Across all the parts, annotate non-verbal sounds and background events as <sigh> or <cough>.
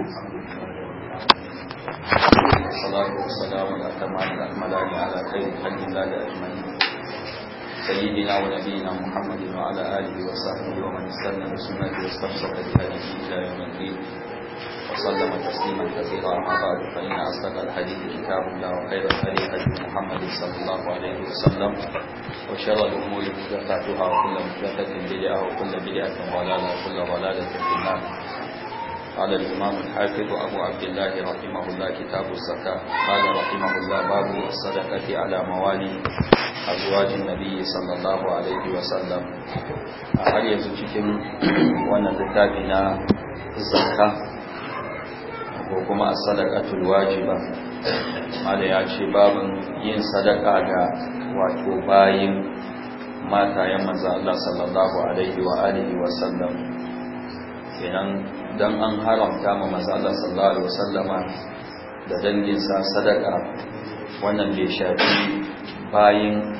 الحمد لله رب العالمين والصلاة والسلام الأتمان الأكملان على خير خلق الله أجمعين سيدنا ونبينا محمد وعلى آله وصحبه ومن استنى بسنته واستبشر بهديه إلى يوم الدين وسلم تسليما كثيرا ما بعد فإن أصدق الحديث كتاب الله وخير الحديث هدي محمد صلى الله عليه وسلم وشر الأمور محدثاتها وكل محدثة بدعة وكل بدعة ضلالة وكل ضلالة في النار قال الإمام الحافظ أبو عبد الله رحمه الله كتاب الزكاة قال رحمه الله باب الصدقة على موالي أزواج النبي صلى الله عليه وسلم هل يزوجكم وانا لتابنا الزكاة وكما الصدقة الواجبة قال يا شباب ين صدقة وتباين مات يمز الله صلى الله عليه وآله وسلم kenan don an haramta ma mazala sallallahu alaihi wasallama da danginsa sadaka wannan bai shafi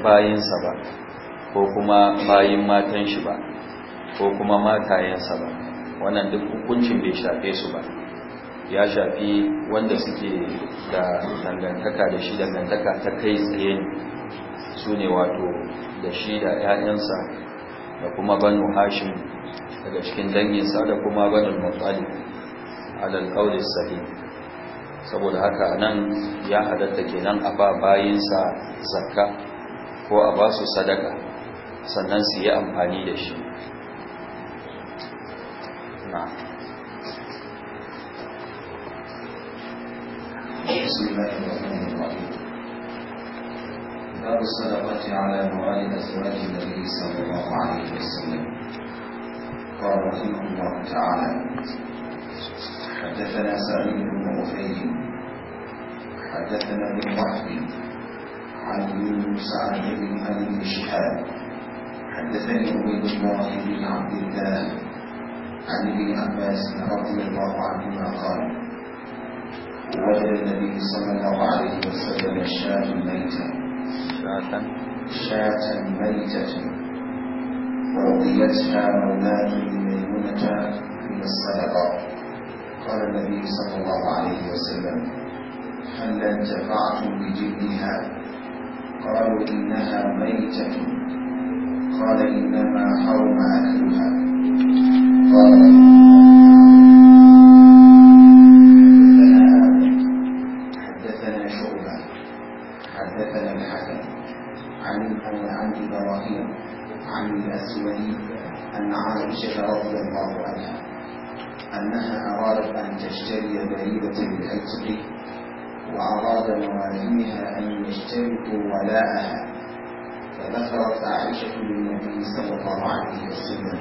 bayinsa ba ko kuma bayin matan shi ba ko kuma matayensa ba wannan duk hukuncin bai shafe su ba ya shafi wanda suke da dangantaka da shi dangantaka ta kai tsaye su ne wato da shi da 'ya'yansa da kuma banu hashim daga cikin danginsa da kuma banin muttalib alal qawli sahih saboda haka nan ya halatta kenan a ba bayinsa zakka ko a ba su sadaka sannan su yi amfani da shi na'am بسم الله الرحمن الرحيم باب الصدقة على مال أزواج النبي صلى الله عليه وسلم قال رحمه الله تعالى حدثنا سعيد بن عفير حدثنا بن وحبي عن يونس عن ابن ابي الشهاب حدثني عبيد الله بن عبد الله عن ابن عباس رضي الله عنهما قال وجد النبي صلى الله عليه وسلم شاة ميتة شاة ميتة ووفيتها مولاه الميمونة من الصدقة قال النبي صلى الله عليه وسلم هل انتفعتم بجبنها قالوا إنها ميتة قال إنما حرم أكلها قال عن عن إبراهيم عن الأسود يعني أن عائشة رضي الله عنها أنها أرادت أن تشتري بريدة بالعتق وأراد مواليها أن يشترطوا ولاءها فذكرت عائشة للنبي صلى الله عليه وسلم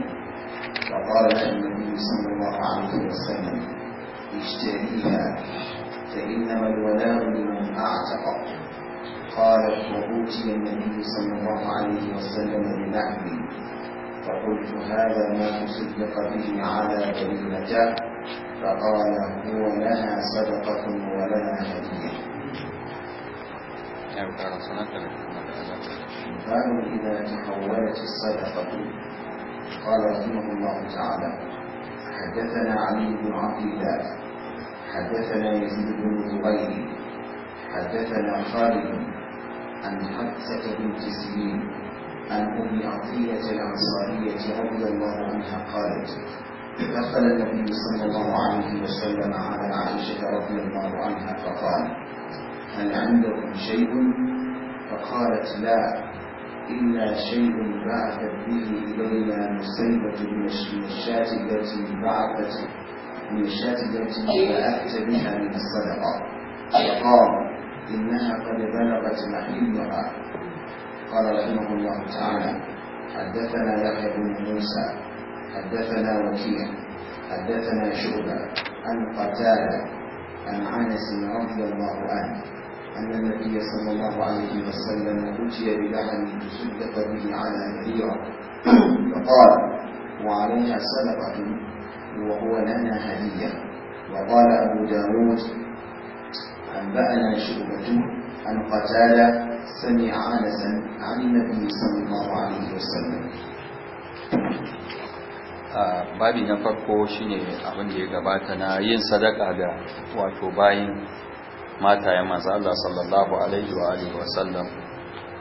فقالت النبي صلى الله عليه وسلم اشتريها فإنما الولاء لمن أعتق قالت وأوتي النبي صلى الله عليه وسلم بنحوي فقلت هذا ما تصدق به على بني النجاة فقال هو لها صدقة ولنا هدية قالوا إذا تحولت الصدقة قال رحمه الله تعالى حدثنا علي بن عبد الله حدثنا يزيد بن زبير حدثنا خالد عن حفصة بنت سنين عن أم عطية الأنصارية رضي الله عنها قالت دخل النبي صلى الله عليه وسلم على عائشة رضي الله عنها فقال هل عندكم شيء؟ فقالت لا إلا شيء بعثت به إلينا مسيبة من الشاة التي بعثت من الشاة التي بعثت بها من الصدقة فقال إنها قد بلغت محلها قال رحمه الله تعالى حدثنا يحيى بن موسى حدثنا وكيع حدثنا شعبة عن قتادة عن أنس رضي الله عنه أن النبي صلى الله عليه وسلم أتي بلحم تصدق به على نذيرة فقال وعليها صدقة وهو لنا هدية وقال أبو داود أنبأنا شعبة عن قتادة سمع أنسا عن النبي صلى الله عليه وسلم babi na farko shine abin da ya gabata na yin sadaka da wato bayin matayen manzo Allah sallallahu alaihi wa alihi wa sallam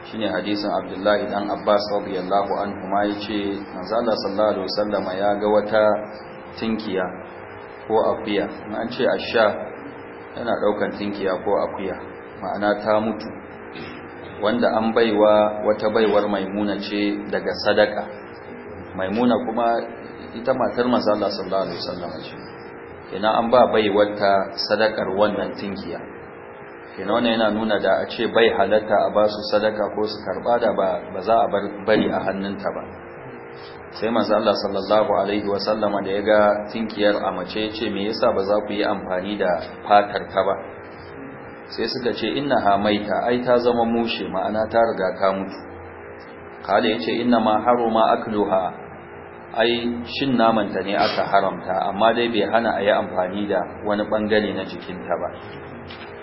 shine hadisin Abdullahi dan Abbas radiyallahu anhu ma yace manzo Allah sallallahu alaihi wa sallama ya ga wata tinkiya ko akuya an ce asha yana daukan tinkiya ko akuya ma'ana ta mutu wanda an baiwa wata baiwar maimuna ce daga sadaka maimuna kuma ita matar manzo Allah sallallahu alaihi wasallam ce kina an ba baiwarta sadakar wannan tinkiya Ina wannan yana nuna da a ce bai halatta a ba su sadaka ko su karba da ba za a bari a hannunta ba sai manzo Allah sallallahu alaihi wasallama da ya ga tinkiyar a mace yace ce me yasa ba za ku yi amfani da fatar ta ba sai suka ce innaha maita ai ta zama mushe ma'ana ta riga ta mutu kada yace inna ma haruma akluha ai shin naman ne aka haramta amma dai bai hana a yi amfani da wani bangare na ta ba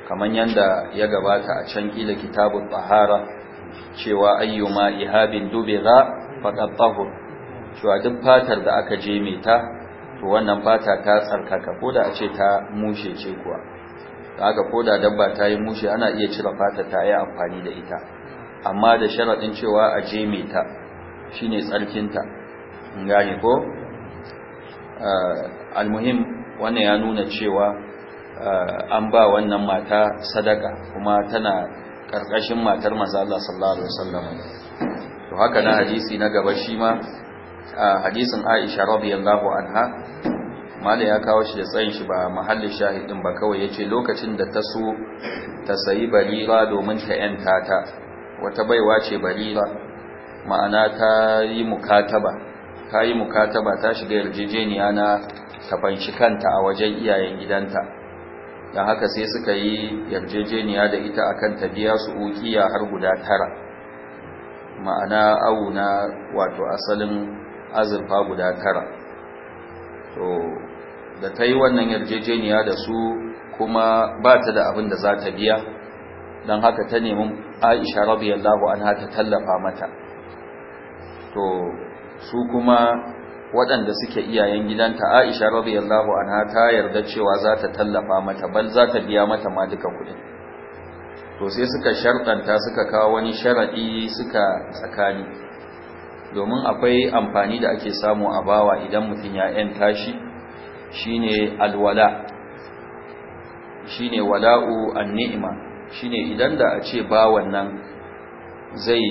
kamar yadda ya gabata a can kila kitabut tahara cewa ayyuma ihabin dubiga faqad tahur cewa duk fatar da aka je mai ta to wannan fata ta tsarkaka ko da a ce ta mushe ce kuwa haka ko da dabba ta yi mushe ana iya cire fata ta yi amfani da ita amma da sharaɗin cewa a je mai ta shine tsarkinta in gane ko eh, almuhim wannan ya nuna cewa eh, an ba wannan mata sadaka kuma tana ƙarƙashin matar maza Allah sallallahu alaihi wasallam to haka na hadisi na gaba shi ma A hadisin Aisha radiyallahu anha mala ya kawo shi da tsayin shi ba mahallin shahidin ba kawai yace lokacin da ta so ta sayi barira domin ta yanta ta wata baiwa ce barira ma'ana ta yi mukataba ta yi mukataba ta shiga yarjejeniya na ta kanta a wajen iyayen gidanta don haka sai suka yi yarjejeniya da ita akan ta biya su ukiya har guda tara ma'ana auna wato asalin azurfa guda tara to da ta yi wannan yarjejeniya da su kuma ba ta da abin da za ta biya don haka ta nemi aisha radiyallahu an ta tallafa mata to su kuma waɗanda suke iyayen gidanta aisha radiyallahu anha ta yarda cewa za ta tallafa mata bal za ta biya mata ma duka kuɗi. to sai suka sharɗanta suka kawo wani sharaɗi suka tsakani domin akwai amfani da ake samu a bawa idan mutum ya tashi shi shine alwala shine wala'u an shi shine idan da a ce bawan nan zai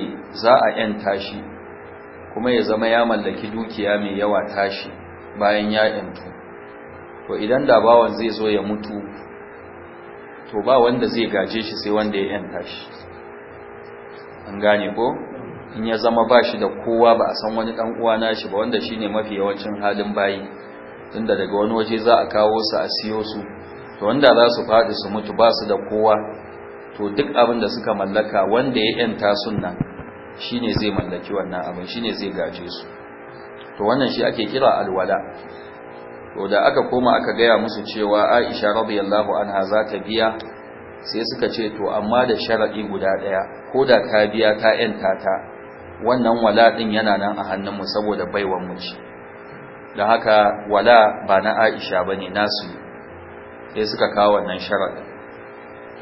za a 'yan tashi kuma ya zama ya mallaki dukiya mai yawa tashi bayan ya yantu to idan da bawan zai zo ya mutu to ba wanda zai gaje shi sai wanda ya 'yan tashi. an gane ko in ya zama ba shi da kowa ba a san wani ɗan uwa shi ba wanda shi ne mafi yawancin halin bayi tunda daga wani waje za a kawo su a siyo su to wanda za su faɗi su mutu ba su da kowa to duk abin da suka mallaka wanda ya yanta sunna shine zai mallaki wannan abin shine zai gaje su to wannan shi ake kira alwala to da aka koma aka gaya musu cewa Aisha radiyallahu anha za ta biya sai suka ce to amma da sharaɗi guda ɗaya ko da ta biya ta yanta ta wannan wala din yana nan a hannunmu saboda baiwan mu ce don haka wala ba na Aisha bane nasu sai suka kawo wannan sharadin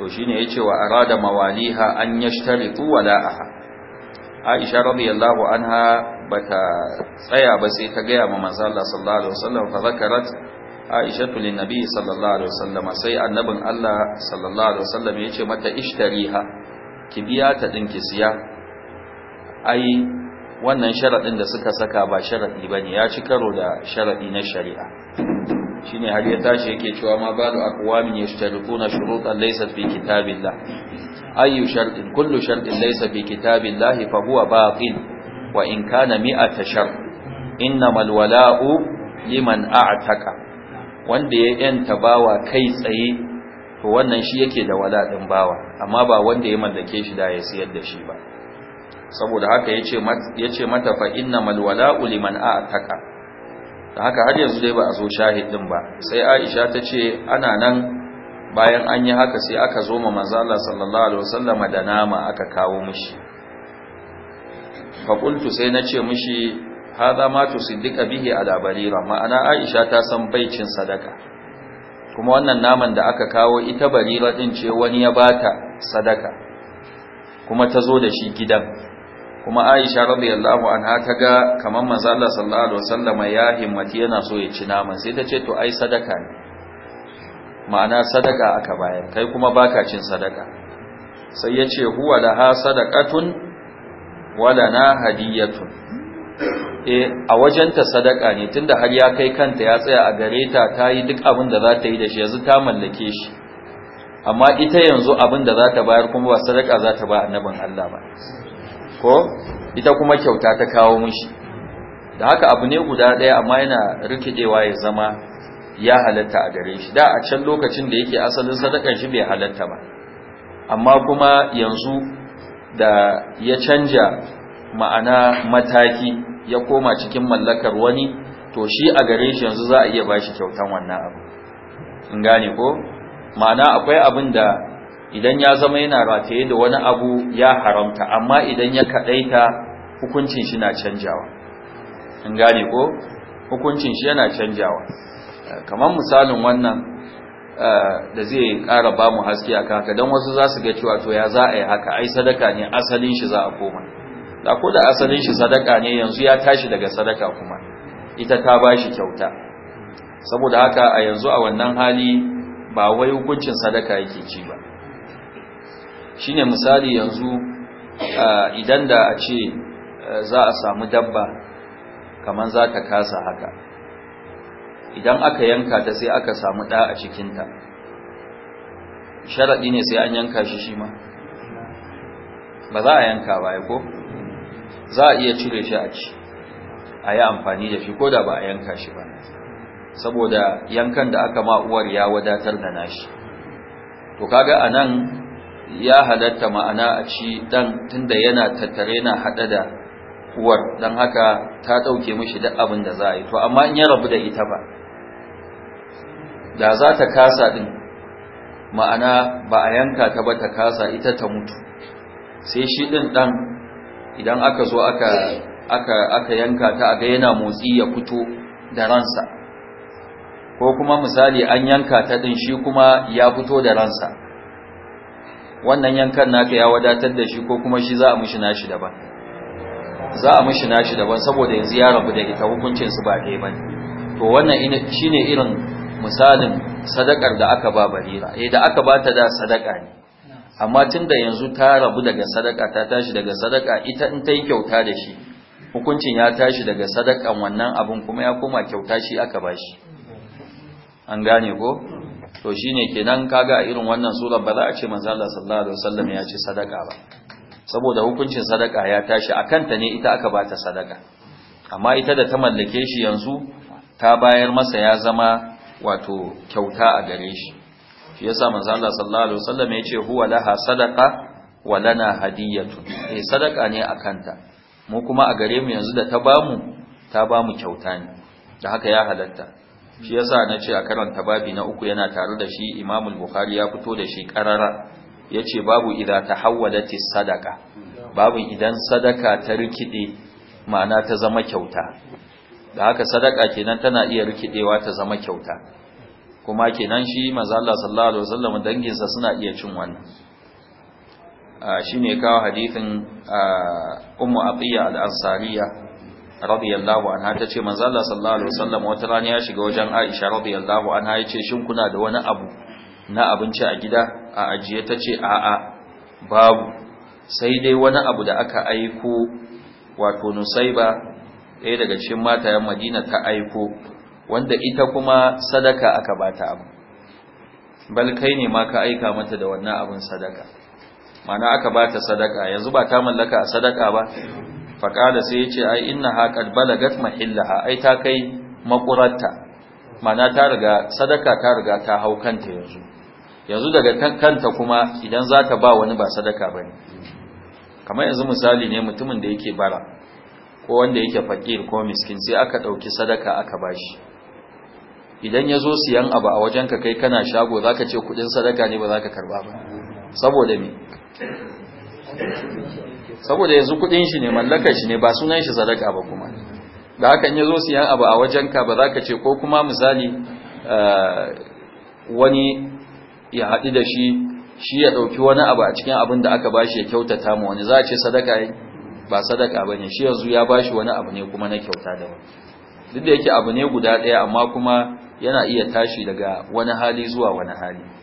to shine yace wa arada mawaliha an yashtaritu wala'aha Aisha radiyallahu anha bata tsaya ba sai ta gaya ma manzo Allah sallallahu alaihi wasallam fa zakarat Aisha lin nabi sallallahu alaihi wasallam sai annabin Allah sallallahu alaihi wasallam yace mata ishtariha ki biya ta din ki siya ai wannan sharaɗin da suka saka ba sharaɗi ba ne ya ci karo da sharaɗi na shari'a shine har ya tashi yake cewa ma ba da akwamin ya sharifu na shuruɗan laisa fi kitabin ayu shartin kullu sharɗin laysa fi kitabin lahi fa huwa batil wa in kana mi'ata shar innamal wala'u liman a'taka wanda ya yanta bawa kai tsaye to wannan shi yake da wala bawa amma ba wanda ya mallake shi da ya siyar da shi ba saboda haka ya ce mata fa inna malwala uliman a taka da haka har yanzu dai ba a zo shahidin ba sai aisha ta ce ana nan bayan an yi haka sai aka zo ma manzala sallallahu alaihi wasallam da nama aka kawo mishi faƙultu sai na ce mishi haza ma tusiddiqa bihi ala barira ma'ana aisha ta san baicin sadaka kuma wannan naman da aka kawo ita barira din ce wani ya bata sadaka kuma ta zo da shi gidan kuma Aisha radiyallahu anha ta ga kamar manzo Allah sallallahu alaihi wasallam ya himmati yana so ya ci naman sai ta ce to ai sadaka ne ma'ana sadaka aka bayar kai kuma baka cin sadaka sai ya ce huwa da ha sadaqatun wa na hadiyatun eh a wajenta sadaka ne tunda har ya kai kanta ya tsaya a gare ta ta yi duk abin da za ta yi da shi yanzu ta mallake shi amma ita yanzu abin da za ta bayar kuma ba sadaka za ta ba annabin Allah ba ko ita kuma kyauta ta kawo mishi da haka abu ne guda ɗaya amma yana rikidewa ya zama ya halatta a gare shi da a can lokacin da yake asalin sadakar shi bai halatta ba amma kuma yanzu da ya canja ma'ana mataki ya koma cikin mallakar wani to shi a gare shi yanzu za a iya bashi kyautan wannan abu in gane ko ma'ana akwai abin da idan ya zama yana rataye da wani abu ya haramta amma idan ya kadaita hukuncin shi na canjawa in gane ko hukuncin shi yana canjawa kamar misalin wannan eh, da zai kara ba mu haske akan haka don wasu za su ga cewa to ya za a yi haka ai sadaka ne asalin shi za a koma da ko da asalin shi sadaka ne yanzu ya tashi daga sadaka kuma ita ta bashi kyauta saboda haka a yanzu a wannan hali ba wai hukuncin sadaka yake ci ba shine misali yanzu idan da a ce za a samu dabba kamar za ta kasa haka idan aka yanka ta sai aka samu ɗa a cikinta sharaɗi ne sai an yanka shi shi ma ba za a yanka ba ko za a iya cire shi a ci a yi amfani da shi ko da ba a yanka shi ba saboda yankan da aka ma uwar ya wadatar da nashi to kaga anan ya halatta ma'ana a ci dan tunda yana tattare na hada da uwar dan haka ta dauke mishi duk abin da za a yi to amma in ya rabu da ita ba da za ta kasa din ma'ana ba a yanka ta ba ta kasa ita ta mutu sai shi din dan idan aka zo aka aka aka yanka ta aga yana motsi ya fito da ransa ko kuma misali an yanka ta din shi kuma ya fito da ransa wannan yankan naka ya wadatar da shi ko kuma shi za a mishi nashi daban za a mishi nashi daban saboda yanzu ya rabu da ita hukuncin su ba dai bane to wannan shine irin misalin sadakar da aka ba barira eh da aka ba ta da sadaka ne amma tunda yanzu ta rabu daga sadaka ta tashi daga sadaka ita in ta yi kyauta da shi hukuncin ya tashi daga sadakan wannan abin kuma ya koma kyauta shi aka bashi an gane ko to shine kenan kaga a irin wannan sura ba za a ce manzo Allah sallallahu alaihi wasallam ya ce sadaka ba saboda hukuncin sadaka ya tashi a kanta ne ita aka bata sadaka amma ita da ta mallake shi yanzu ta bayar masa ya zama wato kyauta a gare shi shi yasa manzo Allah sallallahu alaihi wasallam ya ce huwa laha sadaka wa lana hadiyatu eh sadaka ne a kanta. mu kuma a gare mu yanzu da ta bamu ta bamu kyauta ne da haka ya halatta shi yasa na ce a karanta babi na uku yana tare da shi imamul bukhari ya fito da shi karara ya ce babu idan ta hawwadati sadaka babu idan sadaka ta rikide ma'ana ta zama kyauta da haka sadaka kenan tana iya rikidewa ta zama kyauta kuma kenan shi manzo Allah sallallahu alaihi wasallam danginsa suna iya cin wannan ah, Shi shine kawo hadithin ah, ummu atiya al-ansariya radiyallahu anha tace manzo Allah sallallahu alaihi wasallam wata rana ya shiga wajen Aisha radiyallahu anha yace shin kuna da wani abu na abinci a gida a ajiye tace a'a babu sai dai wani abu da aka aiko wato Nusaiba ɗaya daga cikin matayen Madina ta aiko wanda ita kuma sadaka aka bata abu bal kai ne ma ka aika mata da wannan abin sadaka mana aka bata sadaka yanzu ba ta mallaka a sadaka ba faƙala sai ya ce ai inna haƙar balagat mahillaha ai ta kai makurarta mana ta riga sadaka ta riga ta hau kanta yanzu yanzu daga kanta kuma idan za ka ba wani ba sadaka ba kamar yanzu misali ne mutumin da yake bara ko wanda yake fakir ko miskin sai aka ɗauki sadaka aka bashi, idan ya zo siyan abu a wajenka kai kana shago za ka ce kuɗin sadaka ne ba za ka karba ba saboda me saboda yanzu kudin shi ne mallakar shi ne ba sunan shi sadaka ba kuma da haka in yazo siyan abu a wajenka ba za ka ce ko kuma misali eh, wani ya haɗu da shi shi ya ɗauki wani abu a cikin abin da aka bashi ya kyautata mu. wani za a ce sadaka ba sadaka ba ne shi yanzu ya bashi wani abu ne kuma na kyauta da ba duk da yake abu ne guda ɗaya amma kuma yana iya tashi daga wani hali zuwa wani hali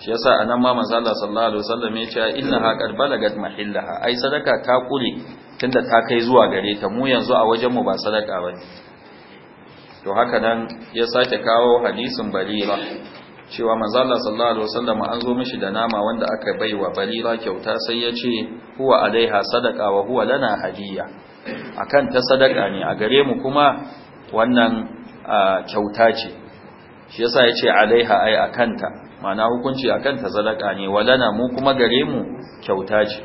shi yasa anan ma manzo Allah sallallahu alaihi wasallam ya ce innaha qad balagat mahillaha ai sadaka ta kure tunda ta kai zuwa gare ta mu yanzu a wajen mu ba sadaka bane to haka nan ya sake kawo hadisin balira cewa manzo Allah sallallahu alaihi wasallam an zo mishi da nama wanda aka baiwa balira kyauta sai ya ce huwa alaiha sadaka wa huwa lana hadiyya akan ta sadaka ne a gare mu kuma wannan kyauta ce shi yasa ya ce alaiha ai akanta ma'ana hukunci a ta sadaka ne walana mu kuma gare mu kyauta ce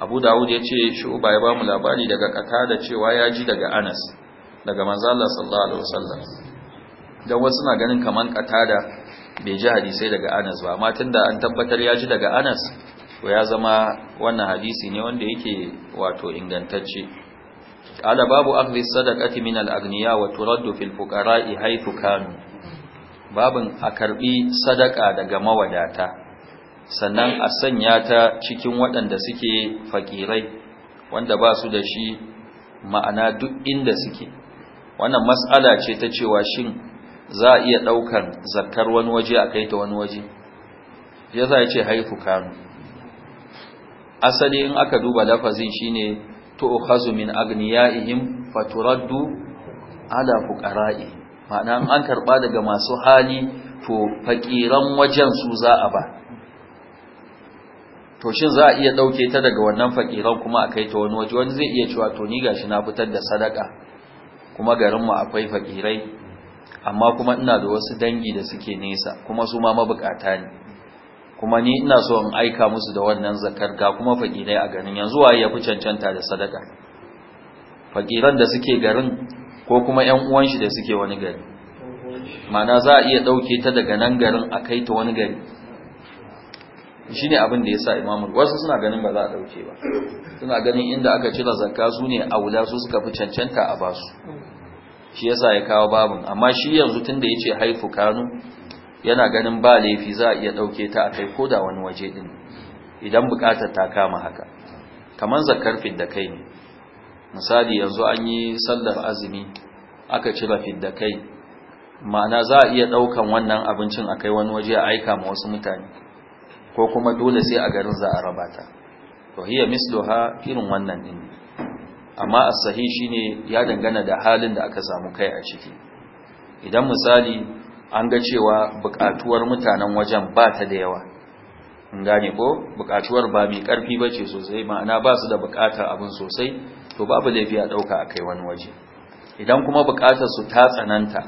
Abu Dawud ya ce Shu'ba ya ba mu labari daga da cewa ya ji daga Anas daga manzo Allah sallallahu alaihi wasallam dan wasu na ganin kaman katada bai ji hadisai daga Anas ba amma tunda an tabbatar ya ji daga Anas to ya zama wannan hadisi ne wanda yake wato ingantacce ala babu akhdhi sadaqati min al-aghniya wa turaddu fil fuqara'i haythu kanu babin a karbi sadaka daga mawadata sannan a sanya ta cikin waɗanda suke fakirai wanda ba su da shi ma'ana duk inda suke wannan mas'ala ce ta cewa shin za a iya ɗaukar zakar wani waje a kai ta wani waje ya za ya ce haifu kanu asali in aka duba lafazin shine tu'khazu min agniya'ihim faturaddu ala fuqara'i ma'ana an karba daga masu hali to fakiran wajen su za a ba to shin za a iya dauke ta daga wannan fakiran kuma a kai ta wani waje wani zai iya cewa to ni gashi na fitar da sadaka kuma garin mu akwai fakirai amma kuma ina da wasu dangi da suke nesa kuma su ma mabukata ne kuma ni ina so in aika musu da wannan zakar ga kuma fakirai a garin yanzu waye ya fi cancanta da sadaka fakiran da suke garin ko kuma ‘yan uwan da suke wani gari mana za a iya ɗauke ta daga nan garin a kai ta wani gari shi ne abin da ya sa imamu wasu suna ganin ba za a ɗauke ba suna ganin inda aka cire zakka su ne a wula su suka fi cancanta a basu shi ya sa ya kawo babin amma shi yanzu tun da ya ce haifu kanu yana ganin ba laifi za a iya ɗauke ta a kai ko da wani waje ɗin idan buƙatar ta kama haka kamar zakkar fidda da kai ne misali yanzu an yi sallar azumi aka ci rafid da kai ma'ana za a iya ɗaukan wannan abincin a kai wani waje a aika ma wasu mutane ko kuma dole sai a garin za a raba ta to hiya misluha irin wannan din amma a sahi shine ya dangana da halin da aka samu kai a ciki idan misali an ga cewa bukatuwar mutanen wajen ba ta da yawa in gane ko bukatuwar ba mai karfi bace sosai ma'ana ba su da bukatar abin sosai to babu laifi a ɗauka a kai wani waje idan kuma buƙatar su ta tsananta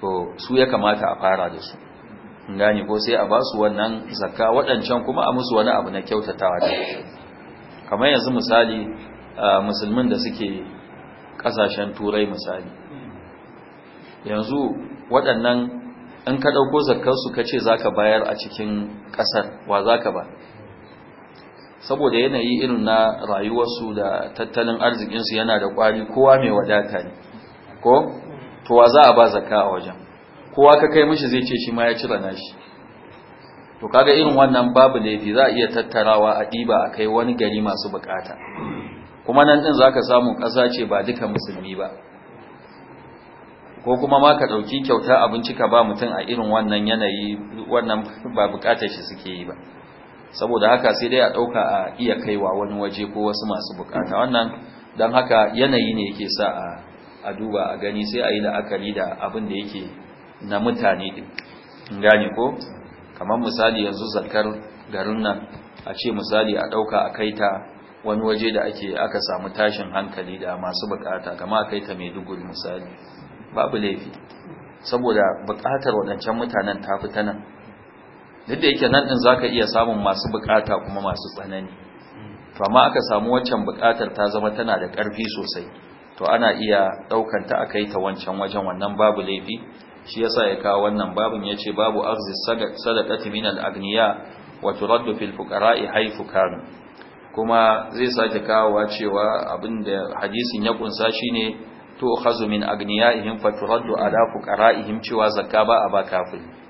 to su ya kamata a fara da su gane ko sai a ba su wannan zakka waɗancan kuma a musu wani abu na kyautatawa da kamar yanzu misali musulmin da suke ƙasashen turai misali yanzu waɗannan in ka ɗauko zakkarsu ka ce za ka bayar a cikin ƙasar wa za ka ba saboda yanayi irin na rayuwarsu da tattalin arzikinsu yana da kwari kowa mai wadata ne ko "To wa za a ba zakka a wajen kowa ka kai mishi zai ce shi ma ya cire nashi to kaga irin wannan babu laifi za a iya tattarawa a ɗiba a kai wani gari masu bukata kuma nan ɗin za ka samu kasa ce ba duka musulmi ba ko kuma ma ka ɗauki kyauta abinci ka ba mutum a irin wannan yanayi wannan ba bukatar shi suke yi ba saboda haka sai dai a ɗauka a iya kaiwa wani waje ko wasu masu bukata wannan don haka yanayi ne yake sa a duba a gani sai a yi la'akari da abin da yake na mutane din gane ko kamar misali yanzu zakar garin nan a ce misali a ɗauka a kai ta wani waje da ake aka samu tashin hankali da masu bukata kama a kai ta duguri, misali babu laifi saboda bukatar waɗancan mutanen tafi fi ta nan duk da yake nan din zaka iya samun masu bukata kuma masu tsanani to amma aka samu waccan bukatar ta zama tana da ƙarfi sosai to ana iya daukan ta akai ta wancan wajen wannan babu laifi shi yasa ya kawo wannan babun yace babu arzi sadaqati min al-aghniya wa turaddu fil fuqara'i haythu kanu kuma zai sake kawowa cewa abinda hadisin ya kunsa shine to khazu min agniyaihim fa turaddu ala fuqaraihim cewa zakka ba a ba kafin.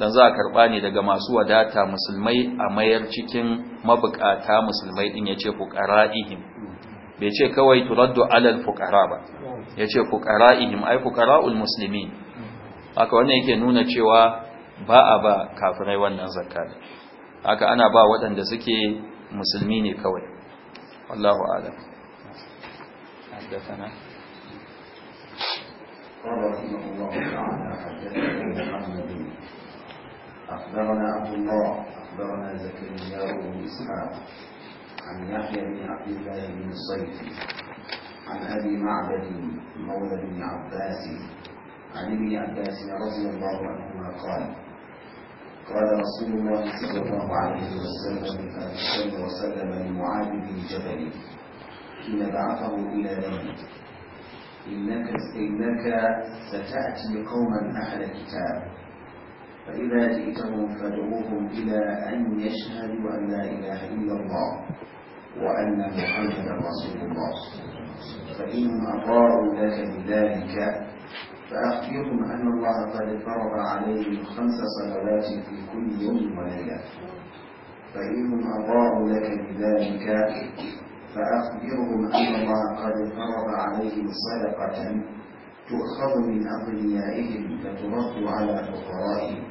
dan za a karba ne daga masu wadata musulmai a mayar cikin mabukata musulmai din ce, fuqara'ihim bai ce kawai turaddu alal fuqara ba ya yace fuqara'ihim ai fuqara'ul muslimin haka wannan yake nuna cewa ba a ba kafirai wannan zakka haka ana ba waɗanda suke musulmi ne kawai wallahu a'lam حدثنا قال أخبرنا عبد الله أخبرنا زكريا بن إسحاق عن يحيى بن عبد الله بن الصيف عن أبي معبد مولى بن عباس عن ابن عباس رضي الله عنهما قال قال رسول الله صلى الله عليه وسلم صلى وسلم لمعاذ بن جبل حين بعثه إلى يمن إنك إنك ستأتي قوما أهل كتاب فإذا جئتهم فادعوهم إلى أن يشهدوا أن لا إله إلا الله وأن محمدا رسول الله فإن أطاعوا لك بذلك فأخبرهم أن الله قد فرض عليهم خمس صلوات في كل يوم وليلة فإنهم أطاعوا لك بذلك فأخبرهم أن الله قد فرض عليهم صدقة تؤخذ من أغنيائهم فترد على فقرائهم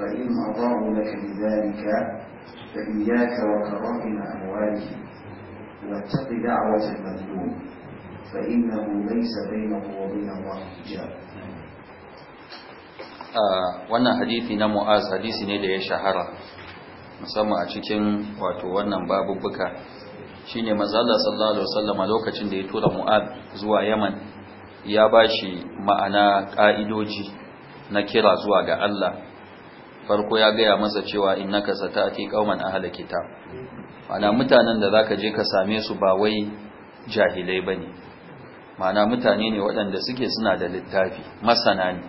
فإن أضاعوا لك بذلك فإياك وكرائم أموالهم واتق دعوة المظلوم فإنه ليس بينه وبين الله حجاب wannan hadisi na mu'az hadisi ne da ya shahara musamman a cikin wato wannan babubuka shine mazalla, sallallahu alaihi wasallam lokacin da ya tura mu'az zuwa yaman ya bashi ma'ana ka'idoji na kira zuwa ga Allah farko ya gaya masa cewa innaka satati qauman ahli kitab ma'ana mutanen da zaka je ka same su ba wai jahilai bane ma'ana mutane ne waɗanda suke suna da littafi masana ne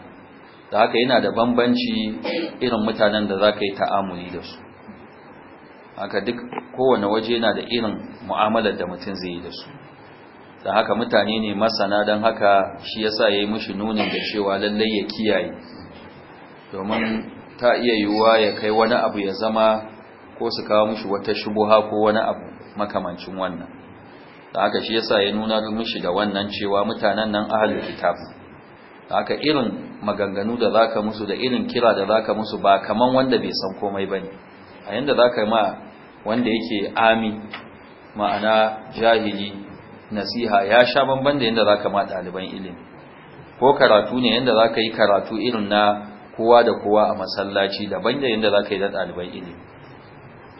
da haka yana da bambanci irin mutanen da zaka yi ta'amuli da su haka duk kowane waje yana da irin mu'amalar da mutum zai yi da su da haka mutane ne masana don haka shi yasa yi mushi nunin da cewa lallai ya kiyaye domin ta iya yiwuwa ya kai wani abu ya zama ko su kawo mushi wata shubuha ko wani abu makamancin wannan da aka shi yasa ya nuna mushi da wannan cewa mutanen nan ahli kitab da aka irin maganganu da zaka musu da irin kira da zaka musu ba kaman wanda bai san komai bane a yanda zaka ma wanda yake ami ma'ana jahili nasiha ya sha bamban da yanda zaka ma ɗaliban ilimi ko karatu ne yanda zaka yi karatu irin na kowa da kowa a masallaci daban da yadda za ka yi da ɗalibai ilimi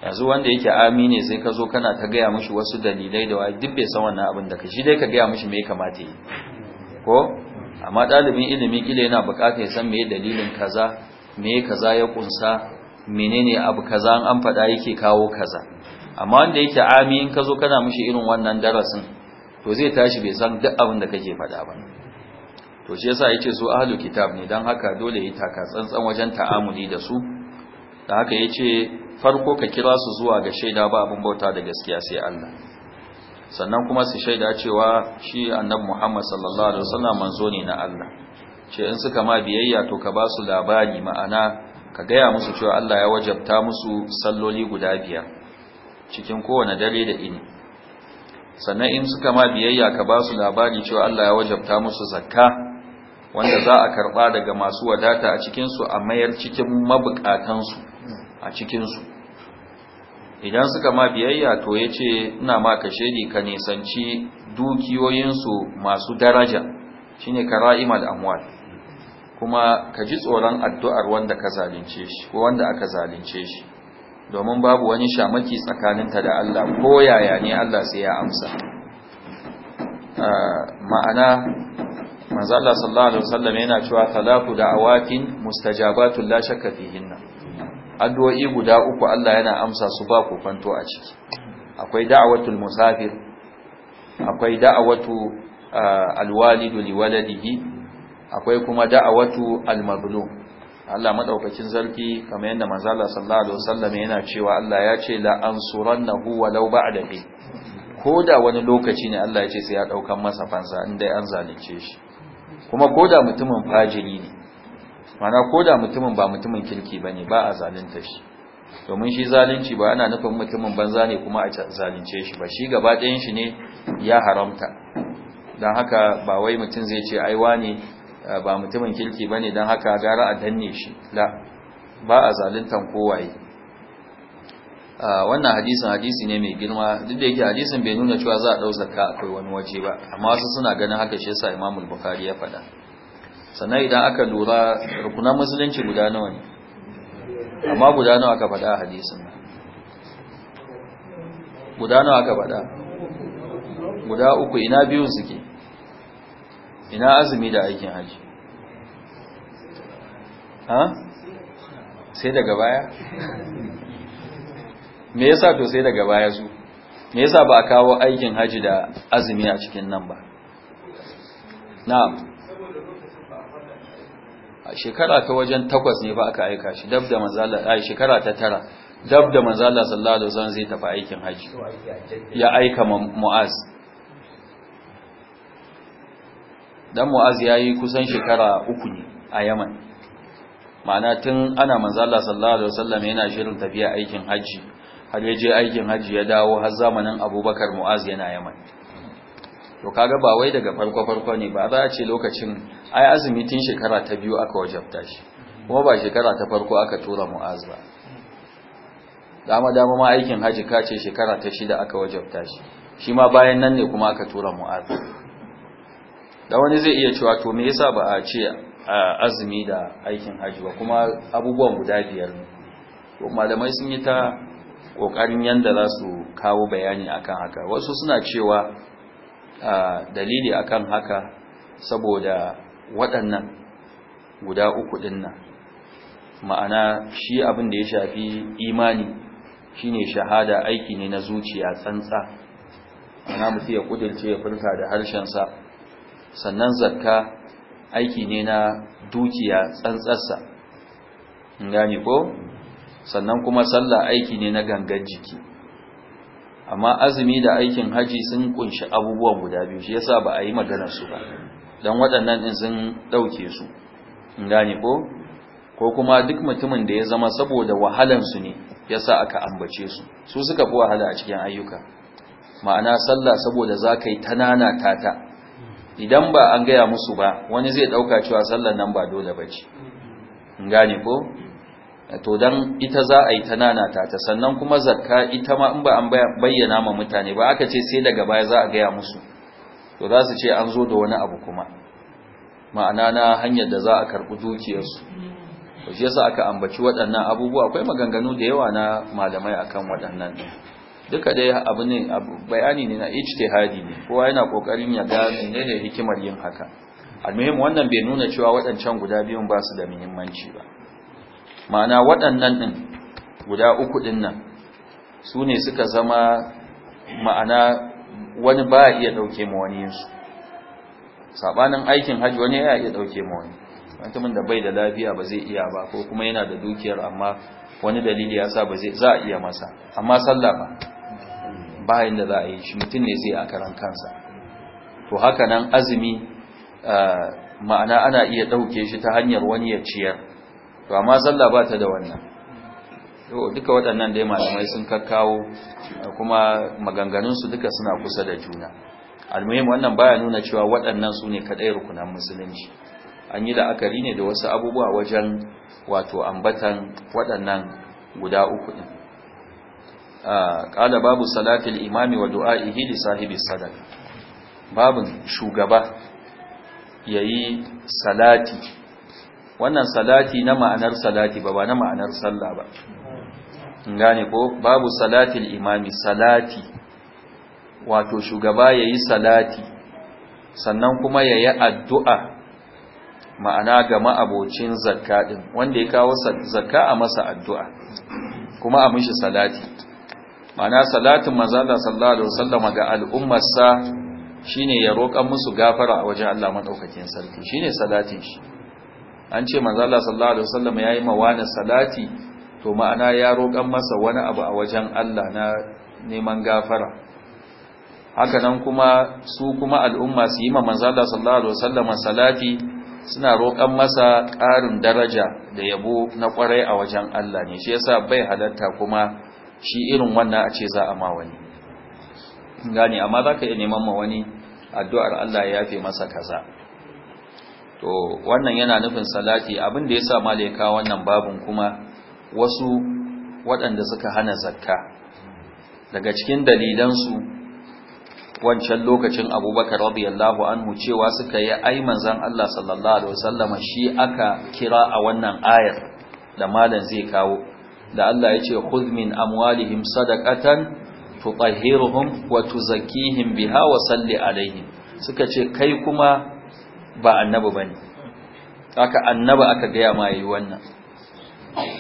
yanzu wanda yake ami ne sai ka zo kana ta gaya mishi wasu dalilai da wai duk bai san wannan abin da ka shi dai ka gaya mishi me ya kamata yi ko amma ɗalibin ilimi kila yana buƙatar ya san me dalilin kaza me kaza ya kunsa menene abu kaza an faɗa yake kawo kaza amma wanda yake ami in ka zo kana mishi irin wannan darasin to zai tashi bai san duk abin da kake faɗa ba to shi yasa yace su ahlul kitab ne dan haka dole yi taka tsantsan wajen ta'amuli da su da haka yace farko ka kira su zuwa ga shaida ba abin bauta da gaskiya sai Allah sannan kuma su shaida cewa shi annabi Muhammad sallallahu alaihi wasallam manzo ne na Allah ce in suka ma biyayya to ka ba su labari ma'ana ka gaya musu cewa Allah ya wajabta musu salloli guda biyar cikin kowane dare da ini sannan in suka ma biyayya ka ba su labari cewa Allah ya wajabta musu zakka wanda za a karba daga masu wadata a cikinsu a mayar cikin mabukatansu a cikinsu idan suka ma biyayya to ya ce ina ma kashe ni ka nisanci dukiyoyinsu masu daraja shine ra'imar amwal kuma ka ji tsoron addu'ar wanda ka zalunce shi ko wanda aka zalunce shi domin babu wani shamaki tsakaninta da Allah ko yaya ne Allah sai ya amsa ah, ma'ana manzo Allah sallallahu alaihi wasallam yana cewa talaqu Awakin, mustajabatun la shakka fihinna addu'o'i guda uku Allah yana amsa su ba ku kwanto a ciki akwai da'awatul musafir akwai da'awatu alwalidu liwaladihi akwai kuma da'awatu almazlum Allah madaukakin zarki kamar yadda manzo Allah sallallahu alaihi wasallam yana cewa Allah ya ce la ansurannahu walau ba'dahi ko da wani lokaci ne Allah ya ce sai ya daukan masa fansa in dai an zalunce shi kuma koda mutumin fajiri ne mana koda mutumin ba mutumin kirki bane ba a zalunta shi domin shi zalunci ba ana nufin mutumin banza ne kuma a zalunce shi ba shi gaba ɗayan shi ne ya haramta don haka ba wai mutum zai ce aiwa ne eh, ba mutumin kirki bane don haka gara a danne shi la ba a zaluntan kowaye wannan hadisin hadisi ne mai girma duk da yake hadisin bai nuna cewa za a dau zakka akwai wani waje ba amma wasu suna ganin haka shi yasa Imam bukhari ya faɗa sannan idan aka lura rukunan musulunci guda nawa ne amma guda nawa aka faɗa a hadisin guda nawa aka faɗa guda uku ina biyun suke ina azumi da aikin haji ha sai daga baya <laughs> me yasa to sai daga baya su me yasa ba a kawo aikin haji da azumi a cikin nan ba na'am a shekara ta wajen takwas ne ba aka aika shi dab da manzala a shekara ta tara dab da manzala sallallahu alaihi wasallam zai tafi aikin haji ya aika mu'az dan mu'az yayi kusan shekara uku ne a yaman ma'ana tun ana manzala sallallahu alaihi wasallam yana shirin tafiya aikin haji har ya je aikin hajji ya dawo har zamanin abubakar mu'az yana yaman to kaga ba wai daga farko-farko ne ba za a ce lokacin ai azumi tun shekara ta biyu aka wajabta shi kuma ba shekara ta farko aka tura mu'az ba dama dama ma aikin hajji ka ce shekara ta shida aka wajabta shi shi ma bayan nan ne kuma aka tura mu'az da wani zai iya cewa to me yasa ba a ce azumi da aikin hajji ba kuma abubuwan guda biyar ne malamai sun yi ta Ƙoƙarin yanda za su kawo bayani akan haka wasu suna cewa dalili akan haka saboda waɗannan guda uku dinnan ma'ana shi abin da ya shafi imani shine shahada aiki ne na zuciya tsantsa ana mutu ya kudirce ya furta da harshensa sannan zakka aiki ne na dukiya tsantsarsa ko sannan kuma sallah aiki ne na gangan jiki amma azumi da aikin haji sun kunshi abubuwan guda biyu shi yasa ba a yi maganar su ba dan waɗannan din sun dauke su in gane ko ko kuma duk mutumin da ya zama saboda wahalan su ne yasa aka ambace su su suka fi wahala a cikin ayyuka ma'ana sallah saboda zakai tanana tata idan ba an gaya musu ba wani zai ɗauka cewa sallar nan ba dole bace in gane ko to dan ita za a yi ta nanata ta sannan kuma zakka ita ma in ba an bayyana ma mutane ba aka ce sai daga baya za a gaya musu to za su ce an zo da wani abu kuma ma'ana na hanyar da za a karɓi dukiyarsu to shi yasa aka ambaci waɗannan abubuwa akwai maganganu da yawa na malamai akan waɗannan duka dai abu ne bayani ne na ijtihadi ne kowa yana kokarin ya ga menene hikimar yin haka almuhim wannan bai nuna cewa waɗancan guda biyun ba su da muhimmanci ba ma'ana waɗannan ɗin guda uku ɗin nan su ne suka zama ma'ana wani ba iya ɗauke ma wani yinsu saɓanin aikin hajji wani ya iya ɗauke ma wani mutumin da bai da lafiya ba zai iya ba ko kuma yana da dukiyar amma wani dalili ya sa ba zai za a iya masa amma sallah ba bayan da za a yi shi mutum ne zai a karan kansa to haka nan azumi ah, ma'ana ana iya ɗauke shi ta hanyar wani ya ciyar to amma sallah ba ta da wannan to duka waɗannan dai malamai sun kakkawo kuma maganganunsu duka suna kusa da juna almuhim wannan baya nuna cewa waɗannan su ne kaɗai rukunan musulunci an yi la'akari ne da wasu abubuwa wajen wato ambatan waɗannan guda uku ɗin ƙala babu salatul imami wa du'a'ihi li sahibi sadaka babin shugaba yayi salati wannan salati na ma'anar salati ba ba na ma'anar sallah ba gane ko babu salatin imami salati wato shugaba yayi salati sannan kuma yayi addu'a ma'ana ga ma'abocin zakka din wanda ya kawo zakka a masa addu'a kuma a mishi salati ma'ana salatin manzo Allah sallallahu alaihi ga al'ummarsa shine ya roƙan musu gafara a wajen Allah madaukakin sarki shine salatin shi an ce manzo Allah sallallahu alaihi wasallam yayi mawana salati to ma'ana ya roƙan masa wani abu a wajen Allah na neman gafara haka nan kuma su kuma al'umma su yi ma manzo Allah sallallahu alaihi wasallam salati suna roƙan masa ƙarin daraja da yabo na ƙwarai a wajen Allah ne shi yasa bai halatta kuma shi irin wannan a ce za a ma wani gane amma zaka iya neman ma wani addu'ar Allah ya yafe masa kaza to wannan yana nufin salati abin da yasa malaika wannan babun kuma wasu waɗanda suka hana zakka daga cikin dalilansu wancan lokacin abubakar radiyallahu anhu cewa suka yi ai zan Allah sallallahu alaihi wasallama shi aka kira a wannan ayar da malam zai kawo da Allah yace ce khudh min amwalihim sadaqatan tutahhiruhum wa tuzakkihim biha wa salli alaihim suka ce kai kuma ba annabi bane haka annabi aka gaya ma yi wannan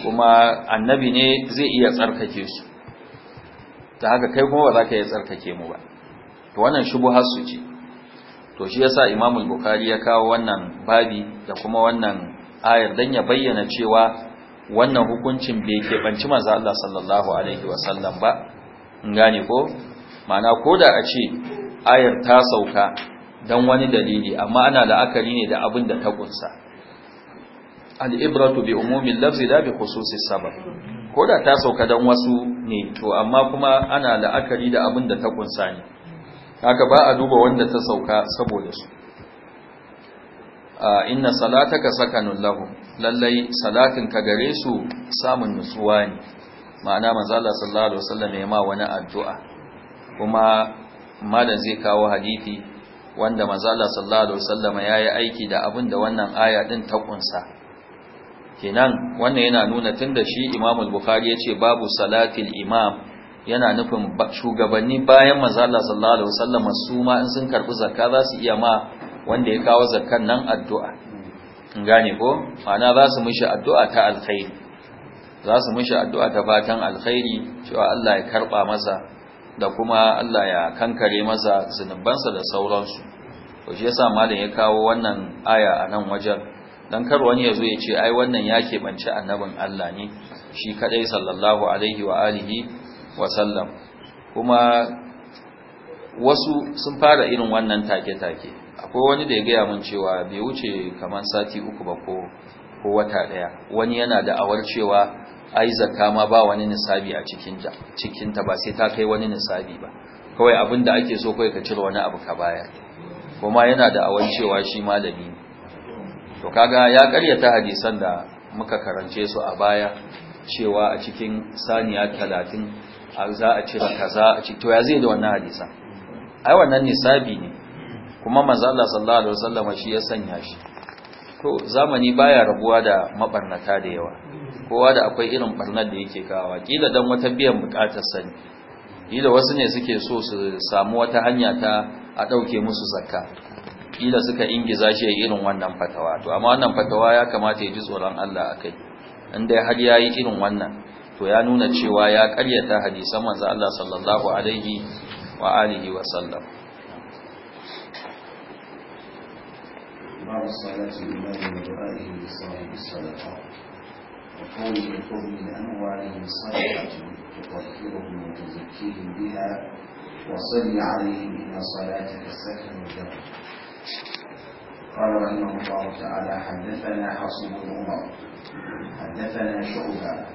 kuma annabi ne zai iya tsarkake su ta haka kai kuma ba za ka iya tsarkake mu ba to wannan shubuhar su ce to shi yasa imamu Bukhari ya kawo wannan babi da kuma wannan ayar dan ya bayyana cewa wannan hukuncin bai keɓanci manzo Allah sallallahu alaihi wasallam ba in gane ko ma'ana koda a ce ayar ta sauka don wani dalili amma ana la'akari ne da abin da ta kunsa al'ibratu bi umumin lafzi da bi khususi sabab ko da ta sauka don wasu ne to amma kuma ana la'akari da abin da ta kunsa ne haka ba a duba wanda ta sauka saboda su inna salataka sakanun lahu lallai salatin ka gare su samun nutsuwa ne ma'ana manzo Allah sallallahu alaihi wasallam ya ma wani addu'a kuma malam zai kawo hadisi wanda manzala sallallahu alaihi wasallam yi aiki da abin da wannan aya din ta kunsa kenan wannan yana nuna tunda shi Imam al-Bukhari ce babu salatil imam yana nufin shugabanni bayan manzala sallallahu alaihi wasallam su ma in sun karbi zakka za su iya ma wanda ya kawo zakkan nan addu'a in gane ko ma'ana za su mishi addu'a ta alkhairi za su mishi addu'a ta fatan alkhairi cewa Allah ya karba masa da kuma Allah ya kankare masa zunubansa da sauransu to shi yasa malam ya kawo wannan aya a nan wajen dan kar wani ya zo ya ce ai wannan ya keɓance annabin Allah ne shi kadai sallallahu alaihi wa alihi wa sallam kuma wasu sun fara irin wannan take-take akwai wani da ya gaya mun cewa bai wuce kamar sati uku ba ko ko wata daya wani yana da awar cewa ai zakka ma ba wani nisabi a cikinta ba sai ta kai wani nisabi ba kawai abin da ake so kai ka cire wani abu ka baya. kuma yana da awancewa shi malami ne to kaga ya karyata hadisan da muka karance su a baya cewa a cikin saniya talatin za a cire kaza a cikin to ya zai da wannan hadisan ai wannan nisabi ne kuma manzo Allah sallallahu alaihi wasallam shi ya sanya shi to zamani baya rabuwa da mabarnata da yawa kowa da akwai irin barnar da yake kawa kila dan wata biyan bukatar sani kila wasu ne suke so su samu wata hanya ta a dauke musu zakka kila suka ingiza shi irin wannan fatawa to amma wannan fatawa ya kamata ya ji tsoron Allah akai in dai har ya yi irin wannan to ya nuna cewa ya ƙaryata hadisan manzo Allah sallallahu alaihi wa alihi wa sallam باب الصلاة بالله ودعائه لصاحب وكوني من الأموال صدقة تطهرهم وتزكيهم بها وصل عليهم إلى صلاتك السكن والدم قال رحمه الله تعالى حدثنا حصن بن عمر حدثنا شعبة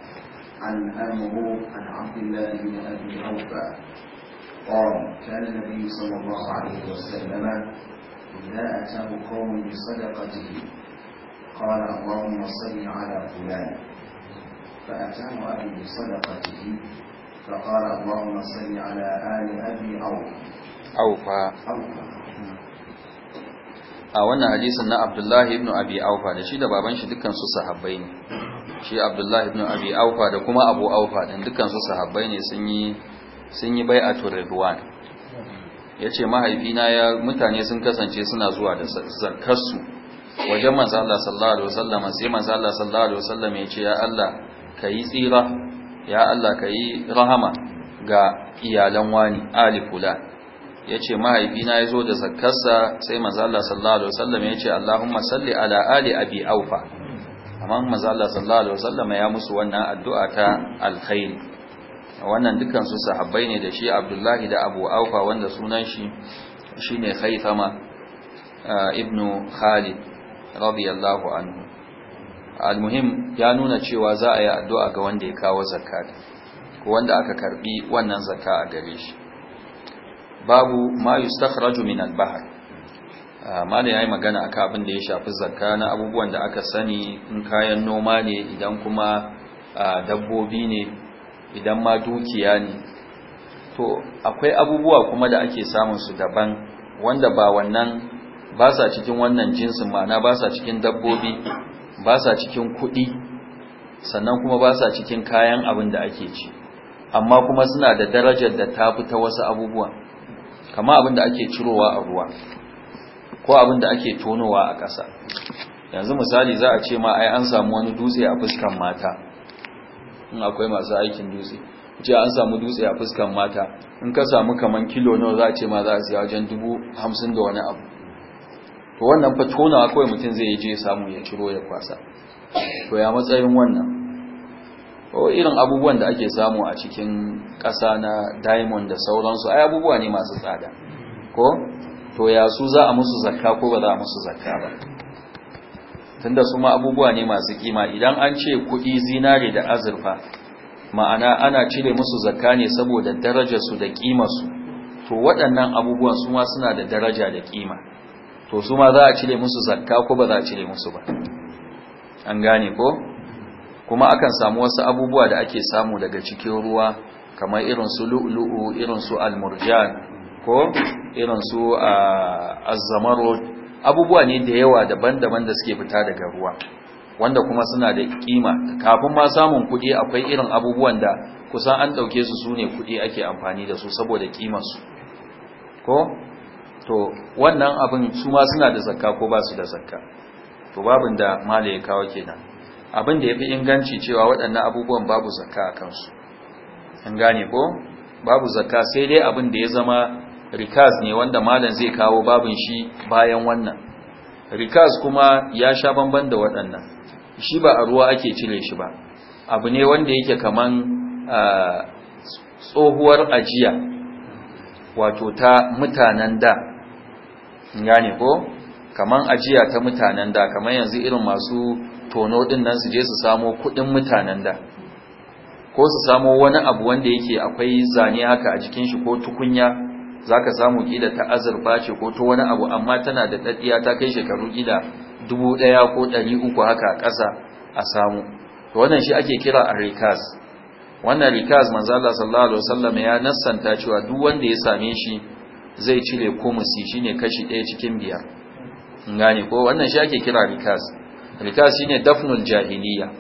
عن أمر عن عبد الله بن أبي أوفى قال كان النبي صلى الله عليه وسلم إذا أتاه قوم بصدقته قال اللهم صل على فلان فأتاه أبي بصدقته فقال اللهم صل على آل أبي عوف أوفا أوفا a wannan hadisin na Abdullahi ibn Abi Aufa da shi da baban shi dukkan su sahabbai ne shi Abdullahi ibn Abi Aufa da kuma Abu Aufa din dukkan su sahabbai ne sun yi sun yi bai'atu ridwan yace mahaifina ya mutane sun kasance suna zuwa da zarkarsu wajen manzo Allah sallallahu alaihi wasallam sai manzo Allah sallallahu alaihi wasallam ya ce ya Allah ka yi tsira ya Allah ka yi rahama ga iyalan wani ali fulan ya ce mahaifina ya zo da zakarsa sai mazala sallallahu alaihi wasallam ya ce Allahumma salli ala ali abi aufa amma mazala sallallahu alaihi wasallam ya musu wannan addu'a ta alkhairi wannan dukkan su sahabbai ne da shi Abdullahi da Abu Aufa wanda sunan shi shine khaifama eh, ibnu Khalid radiyallahu anhu almuhim ya nuna cewa za a yi addu'a ga wanda ya kawo zakka ko wanda aka karbi wannan zakka a gare shi babu ma yustakhraju min al-bahr da yayi magana akan abin da ya shafi zakka na abubuwan da aka sani in kayan noma ne idan kuma dabbobi ne idan ma dukiya ne to akwai abubuwa kuma da ake samun su daban wanda ba wannan ba sa cikin wannan jinsin ma'ana ba sa cikin dabbobi ba sa cikin kuɗi sannan kuma ba sa cikin kayan abin da ake ci amma kuma suna da darajar da ta fi ta wasu abubuwa kama abin da ake cirowa a ruwa ko abin da ake tonowa a ƙasa yanzu misali za a ce ma ai an samu wani dutse a fuskan mata in akwai masu aikin dutse ce an samu dutse a fuskan mata in ka samu kaman kilo nawa za a ce ma za a siya wajen dubu hamsin da wani abu to wannan fa tona kawai mutum zai je samu ya ciro ya kwasa to ya matsayin wannan ko irin abubuwan da ake samu a cikin ƙasa na diamond da sauransu ai abubuwa ne masu tsada ko to ya su za a musu zakka ko ba za a musu zakka ba tunda su ma abubuwa ne masu kima idan an ce kuɗi zinare da azurfa ma'ana ana cire musu zakka ne saboda darajarsu da su, to waɗannan abubuwan su ma suna da daraja da ƙima to su ma za a cire musu zakka ko ba za a cire musu ba an gane ko kuma akan samu wasu abubuwa da ake samu daga cikin ruwa kamar irin su lu'lu'u irin su almurjan ko irin su azzamarud abubuwa ne da yawa daban-daban da suke fita daga ruwa wanda kuma suna da kima kafin ma samun kuɗi akwai irin abubuwan da kusan an ɗauke su su ne kuɗi ake amfani da su saboda kimarsu ko to wannan abin su ma suna da zakka ko ba su da zakka to babin da mala ya kawo kenan abin da ya fi inganci cewa waɗannan abubuwan babu zakka a kansu an gane ko babu zakka sai dai abin da ya zama rikaz ne wanda malam zai kawo babin shi bayan wannan rikaz kuma ya sha bamban da waɗannan shi ba a ruwa ake cire shi ba abu ne wanda yake kaman tsohuwar ajiya wato ta mutanen da gane ko kaman ajiya ta mutanen da kaman yanzu irin masu tono din nan su je su samo kudin mutanen da ko su samo wani abu wanda yake akwai zane haka a jikin shi ko tukunya zaka samu kida ta azurfa ce ko to wani abu amma tana da daddiya ta kai shekaru kida 1000 ko 300 haka a ƙasa a samu to wannan shi ake kira rikas. wannan rikas manzo Allah sallallahu alaihi wasallam ya nassanta cewa duk wanda ya same shi zai cire shi ne kashi ɗaya cikin biyar gani ko wannan shi ake kira rikas rikas ne dafnul jahiliya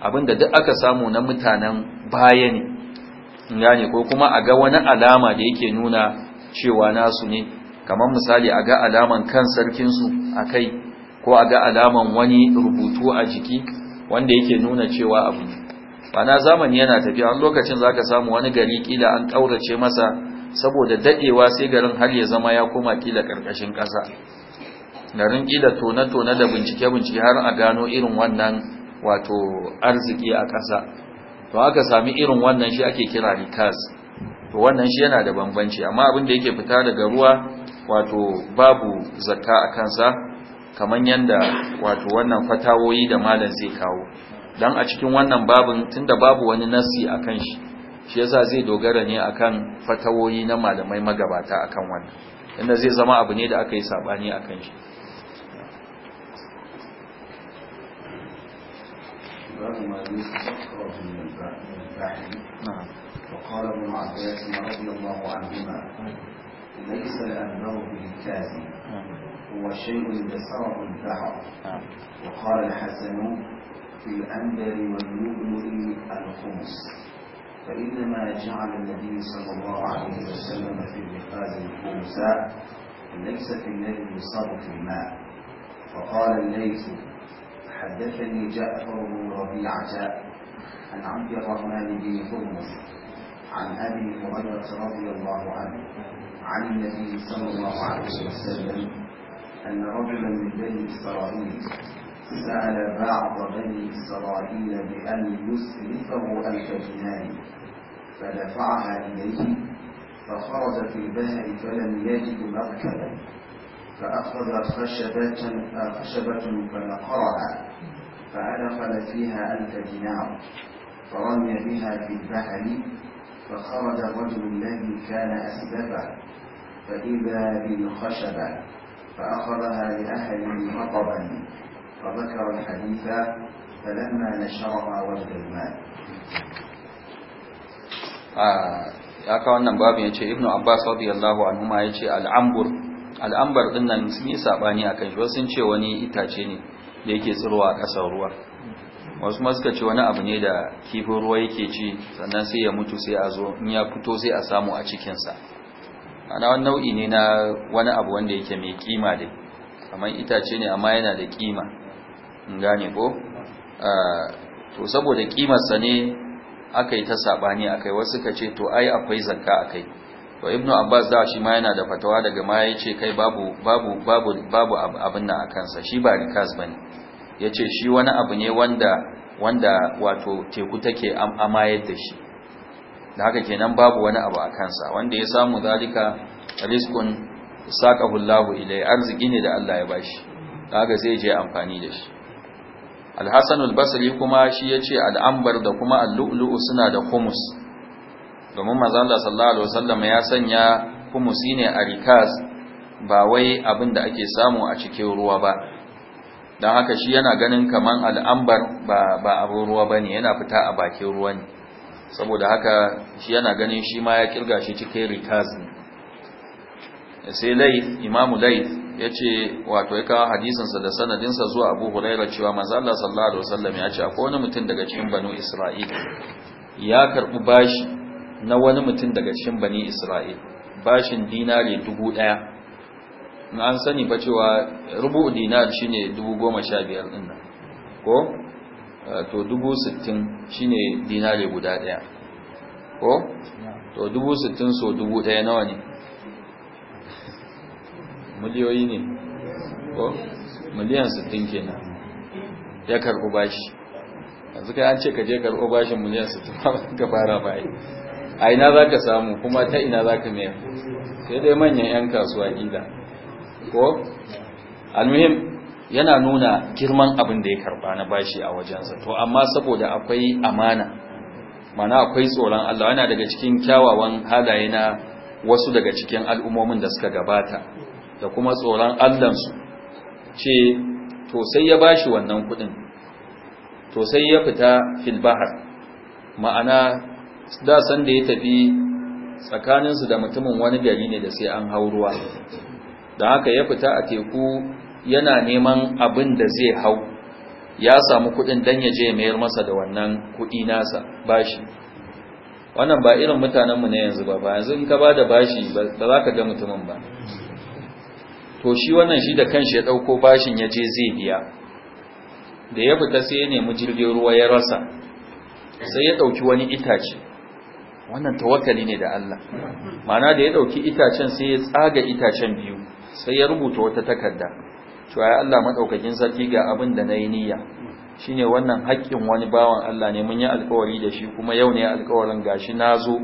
abinda duk aka samu na mutanen baya ne ko kuma a ga wani alama da yake nuna cewa nasu ne kamar misali a ga alaman kan sarkinsu a kai ko a ga alaman wani rubutu a jiki wanda yake nuna cewa abu ne ba na zamani yana tafiya lokacin za ka samu wani gari kila an ƙaurace masa saboda dadewa sai garin har ya zama ya koma kila karkashin kasa garin kila tona-tona da bincike-bincike har a gano irin wannan wato arziki a ƙasa to aka sami irin wannan shi ake kira rikaz to wannan shi yana da bambanci amma abin da yake fita daga ruwa wato babu zakka a kansa kamar yadda wato wannan fatawoyi da malam zai kawo don a cikin wannan babin tunda babu wani nasi a kan shi shi yasa zai dogara ne akan fatawoyi na malamai magabata akan wannan inda zai zama abu ne da aka yi sabani akan shi وقال ابن عباس رضي الله عنهما ليس هو شيء وقال الحسن في الخمس فإنما جعل النبي صلى الله عليه وسلم في اللحاظ الخمساء ليس في الذي يصاب في الماء فقال الليث حدثني جعفر بن ربيعة عن عبد الرحمن بن هرمز عن أبي هريرة رضي الله عنه عن النبي صلى الله عليه وسلم أن رجلا من بني إسرائيل سأل بعض بني إسرائيل بأن يسلفه ألف دينار فدفعها إليه فخرج في البحر فلم يجد مركبا فأخذ خشبة خشبة فنقرها فأدخل فيها ألف دينار فرمي بها في البحر فخرج الرجل الذي كان أسلفه فإذا بالخشبة فأخذها لأهله رطبا فذكر الحديث فلما نشرها وجد المال ka wannan babu ya ce ibnu abbas radiyallahu ma ya ce al'ambur al'ambar din nan sun yi sabani kan shi wasu ce wani itace ne da yake tsirowa a ƙasar ruwa wasu ma suka ce wani abu ne da kifin ruwa yake ci sannan sai ya mutu sai a zo in ya fito sai a samu a cikinsa ana wani nau'i ne na wani abu wanda yake mai kima dai kamar itace ne amma yana da kima gane ko to saboda kimarsa ne aka yi ta saɓani akai wasu ka ce to ai akwai zakka akai to ibnu abbas da shi ma yana da fatawa daga ma ya ce kai babu babu babu babu abin nan a kansa shi ba rikas ba ne ya ce shi wani abu ne wanda wanda wato teku take amayar da shi da haka kenan babu wani abu a kansa wanda ya samu zalika rizqun saqahu Allahu ilai arziki ne da Allah ya bashi da haka sai je amfani da shi al-hassan al-basri kuma shi ya ce al'ambar da kuma al-lu'lu'u suna da kumus. domin Allah sallallahu alaihi wasallam ya sanya humusi ne a rikas ba wai abin da ake samu a cikin ruwa ba dan haka shi yana ganin kaman al'ambar ba abin ruwa ba ne yana fita a bakin ruwa ne saboda haka shi yana ganin shi ma ya kirga shi cikin rikas ne sai laif imamu laif ya ce wato ya kawo hadisinsa da sanadinsa zuwa abu huraira cewa mazalla sallallahu alaihi wasallam ya ce akwai wani mutum daga cikin banu isra'il ya karɓi bashi na wani mutum daga cikin bani isra'il bashin dinari dubu ɗaya in an sani ba cewa rubu dinar ne dubu goma sha biyar ɗin nan ko eh, to dubu sittin shi ne dinari guda ɗaya ko to dubu sittin so dubu ɗaya nawa ne miliyoyi ne ko miliyan 60 kenan ya karɓi bashi yanzu kai an ce ka je karɓo bashin miliyan 60 <laughs> ka fara bai a ina za ka samu kuma ta ina za ka mayar sai dai manyan 'yan kasuwa ƙila ko almuhim yana nuna girman abin da ya karɓa na bashi a wajensa to amma saboda akwai amana mana akwai tsoron Allah yana daga cikin kyawawan halaye na wasu daga cikin al'ummomin da suka gabata da kuma tsoron allansu ce to sai ya bashi wannan kudin to sai ya fita fil ma'ana da san da ya tafi tsakaninsu da mutumin wani gari ne da sai an hau ruwa don haka ya fita a teku yana neman abin da zai hau ya samu kudin dan ya je mayar masa da wannan kudi nasa bashi wannan ba irin mutanenmu na yanzu ba ba yanzu in ka ba da bashi ba za ka ga mutumin ba to shi wannan shi da kanshi ya ɗauko bashin ya je zai biya da ya fita sai ya nemi jirgin ruwa ya rasa sai ya ɗauki wani itace wannan tawakkali ne da Allah mana da ya ɗauki itacen sai ya tsaga itacen biyu sai ya rubuta wata takarda cewa ya Allah maɗaukakin sarki ga abin da na yi niyya shine wannan haƙƙin wani bawan Allah ne mun yi alƙawari da shi kuma yau ne alƙawarin gashi na zo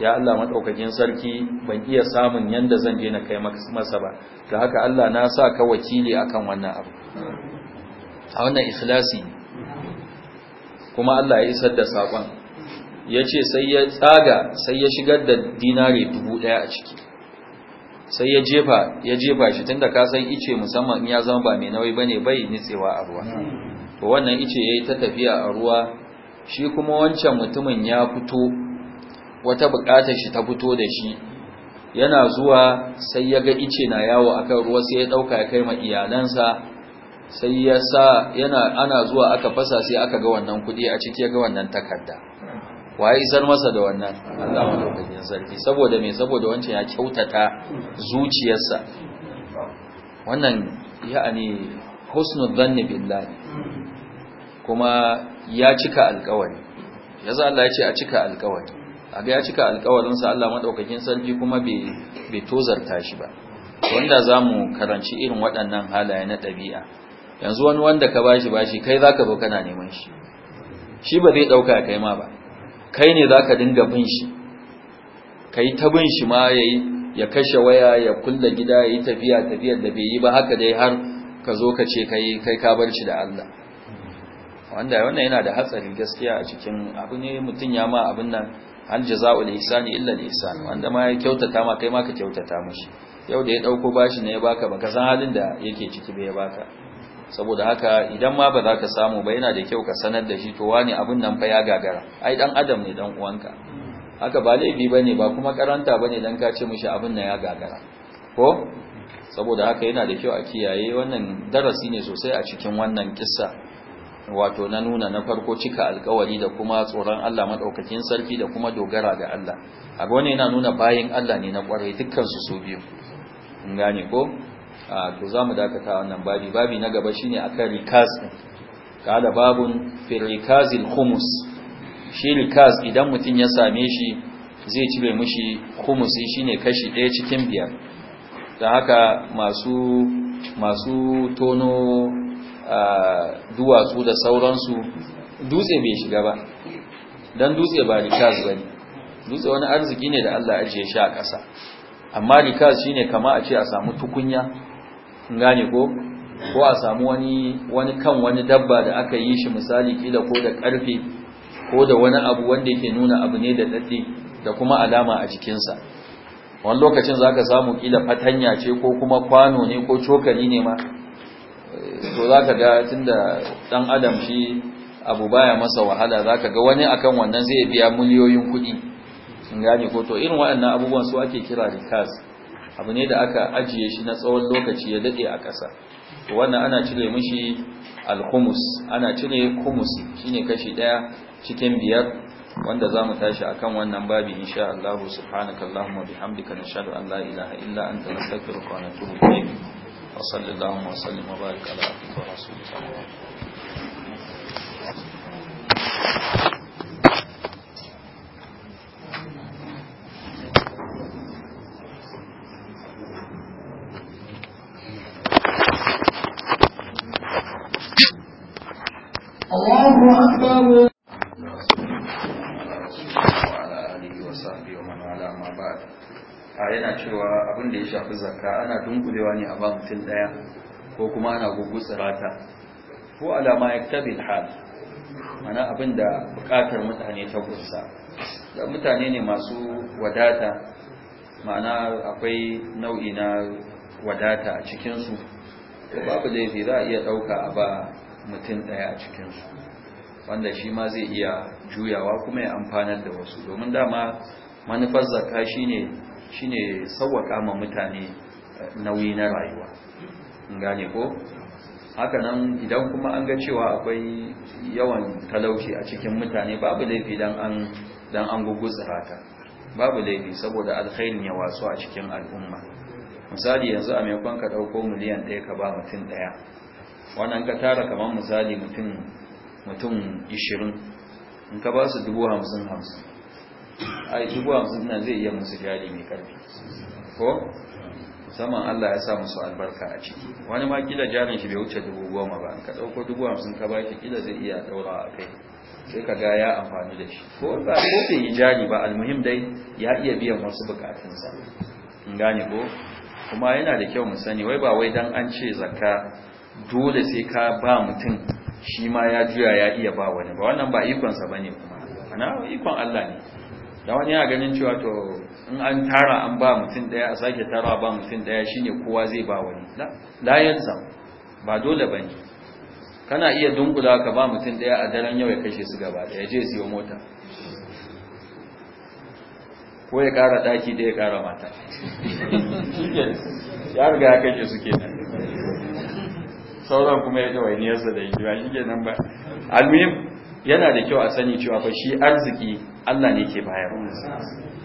ya Allah madaukakin sarki ban iya samun yanda zan je na kai masa ba da haka Allah na sa ka wakili akan wannan abu a wannan ikhlasi kuma Allah ya isar da sakon yace sai ya tsaga sai ya shigar da dinare 1000 a ciki sai ya jefa ya jefa shi tunda ka san ice musamman in ya zama ba mai nauyi bane bai nitsewa a ruwa to wannan ice yayi ta tafiya a ruwa shi kuma wancan mutumin ya fito wata bukatar shi ta fito da shi yana zuwa sai ya ga ice na yawo akan ruwa sai ya dauka ya kai ma iyalansa sai ya sa yana ana zuwa aka fasa sai aka ga wannan kudi a ciki ya ga wannan takarda waye isar masa da wannan Allah madaukakin sarki saboda me saboda wancan ya kyautata zuciyarsa wannan ya'ani husnul dhanni billah kuma ya cika alƙawari yaza Allah ya ce a cika alƙawari aga ya cika sa, Allah maɗaukakin sarki kuma bai tozarta shi ba wanda zamu karanci irin waɗannan halaye na ɗabi'a yanzu wani wanda ka bashi bashi kai zaka zo kana neman shi shi ba zai dauka kai ma ba kai ne zaka dinga bin shi kai ta bin shi ma yayi ya kashe waya ya kulla gida yayi tafiya tafiyar da bai yi ba haka dai har ka zo ka ce kai kai ka bar shi da Allah wanda wannan yana da hatsari gaskiya a cikin abu ne mutun ya ma abin nan hal jaza'ul ihsani illa al-ihsan wanda ma ya kyautata ma kai ma ka kyautata mishi yau da ya dauko bashi ne ya baka baka san halin da yake ciki bai baka saboda haka idan ma ba za ka samu ba yana da kyau ka sanar da shi to wani abin nan fa ya gagara ai dan adam ne dan uwanka haka ba laifi bane ba kuma karanta bane dan ka ce mishi abin nan ya gagara ko saboda haka yana da kyau a kiyaye wannan darasi ne sosai a cikin wannan kissa wato na nuna na farko cika alkawari da kuma tsoron Allah madaukakin sarki da kuma dogara ga Allah abu wannan yana nuna bayin Allah ne na kwarai dukkan su su biyu in gane ko to zamu dakata wannan babi babi na gaba shine akan rikaz kada babun fi rikazil khumus shi rikaz idan mutun ya same shi zai cire mishi khumusi shine kashi ɗaya cikin biyar da haka masu masu tono duwatsu da sauransu dutse bai shiga ba don dutse ba rikaz ba ne dutse wani arziki ne da allah ajiye shi a ƙasa amma rikaz shi ne kama a ce a samu tukunya gane ko ko a samu wani wani kan wani dabba da aka yi shi misali kila ko da ƙarfe ko da wani abu wanda yake nuna abu ne da daɗe da kuma alama a jikinsa wani lokacin za ka samu kila fatanya ce ko kuma kwano ne ko cokali ne ma to za ka ga tun da ɗan adam shi abu baya masa wahala za ka ga wani akan wannan zai biya miliyoyin kuɗi in gane ko to irin waɗannan abubuwan su ake kira rikas abu ne da aka ajiye shi na tsawon lokaci ya daɗe a ƙasa to wannan ana cire mishi alhumus ana cire kumus shine kashi ɗaya cikin biyar wanda za mu tashi a kan wannan babi sha Allah subhanakallahumma bihamdika nashhadu an la ilaha illa anta nastaghfiruka wa natubu وصل اللهم وسلم وبارك على عبدك ورسولك محمد a ba mutum daya ko kuma ana gugutsura ta ko alama ya tabi hal mana abin da bukatar mutane ta kunsa da mutane ne masu wadata ma'ana akwai nau'i na wadata a cikinsu babu laifi za a iya ɗauka a ba mutum ɗaya a cikinsu wanda shi ma zai iya juyawa kuma ya amfanar da wasu domin dama manufar zakka shi ne sauwa ma mutane nauyi na rayuwa gane ko haka nan idan kuma an ga cewa akwai yawan talauci a cikin mutane babu laifi dan an dan an ta babu laifi saboda alkhairin ya waso a cikin al'umma misali yanzu a maimakon ka dauko miliyan 1 ka ba mutum daya wannan ka tara kamar misali mutum mutum 20 in ka ba su 50 50 ai 50 na zai iya musu jari mai karfi ko musamman Allah ya sa musu albarka a ciki wani ma kila jarin shi bai wuce dubu goma ba ka ɗauko dubu hamsin ka baki kila zai iya ɗaura a kai sai ka ga ya amfani da shi ko ba ko bai jari ba almuhim dai ya iya biyan wasu bukatunsa in gane ko kuma yana da kyau mu sani wai ba wai dan an ce zakka dole sai ka ba mutum shi ma ya juya ya iya ba wani ba wannan ba ikonsa bane kuma ana ikon Allah ne da wani ya ganin cewa to in an tara an ba mutum daya a sake tara ba mutum daya shine kowa zai ba wani layan yalzam ba dole ba ne. kana iya dunkula ka ba mutum daya a daren yau ya kashe su gaba daya je siyo mota ko ya kara daki da ya kara mata <laughs> ya riga ya kashe su nan. sauran kuma ya ga yasa da yiwuwa shi nan ba almuhim yana da kyau a sani cewa fa shi arziki Allah ne ke bayar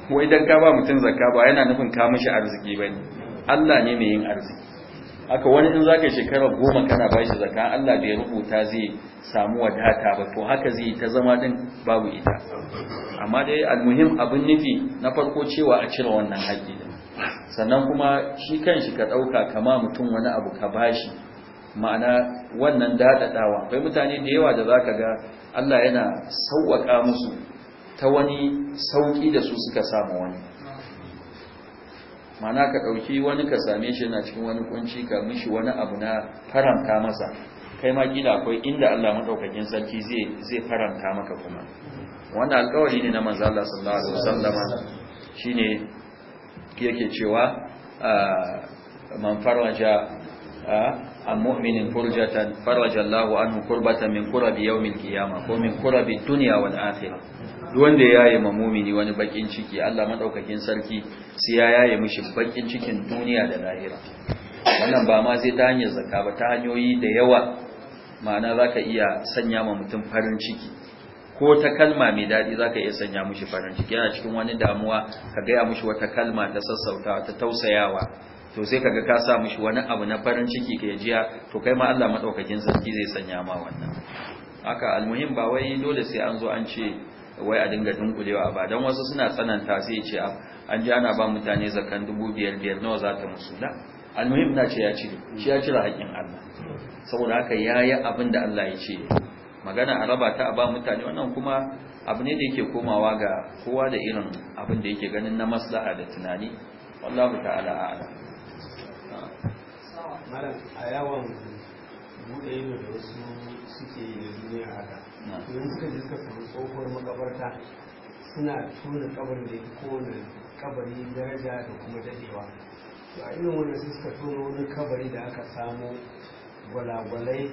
ko idan ka ba mutum zakka ba yana nufin ka mishi arziki ba ne Allah ne mai yin arziki haka wani in zaka shekara goma kana ba shi zakka Allah bai rubuta zai samu wadata ba to haka zai ta zama din babu ita amma dai almuhim abin nufi na farko cewa a cire wannan haƙƙi sannan kuma shi kan shi ka ɗauka kama mutum wani abu ka bashi ma'ana wannan daɗaɗawa akwai mutane da yawa da zaka ga Allah yana sauwaƙa musu ta wani sauƙi da su suka samu wani mana ka ɗauki wani ka same shi na cikin wani kunci ka mishi wani abu na faranta masa kai ma kila akwai inda Allah maɗaukakin sarki zai faranta maka kuma wannan alƙawari ne na manzo Allah sallallahu alaihi wasallama shine yake cewa ah, man faraja ah, عن مؤمن فرجة فرج الله عنه كربة من كرب يوم القيامة ومن كرب الدنيا والآخرة wanda ya yi mamumini wani bakin ciki Allah maɗaukakin sarki sai ya yaye mishi bakin cikin duniya da lahira wannan ba ma sai ta hanyar zakka ba ta hanyoyi da yawa ma'ana zaka iya sanya ma mutum farin ciki ko ta kalma mai daɗi zaka iya sanya mishi farin ciki yana cikin wani damuwa ka gaya mishi wata kalma ta sassautawa ta tausayawa to sai kaga ka sa mishi wani abu na farin ciki ka jiya to kai ma Allah madaukakin sarki zai sanya ma wannan haka almuhim ba wai dole sai an zo an ce wai a dinga dunkulewa ba dan wasu suna tsananta sai ce ah, an ji ana ba mutane zakan 2500 nawa za ta musu da almuhim na ce ya ci shi ya cira haƙin Allah saboda haka yayi abin da Allah ya ce magana a raba ta a ba mutane wannan kuma abu ne da yake komawa ga kowa da irin abin da yake ganin na maslaha da tunani wallahu ta'ala a'lam malam a yawon buɗe ido da wasu suke yi da duniya haka yanzu suka je suka tsohuwar makabarta suna tuna kabarin da ya kowane kabari daraja da kuma dadewa to a irin wanda su suka tona wani kabari da aka samo gwalagwalai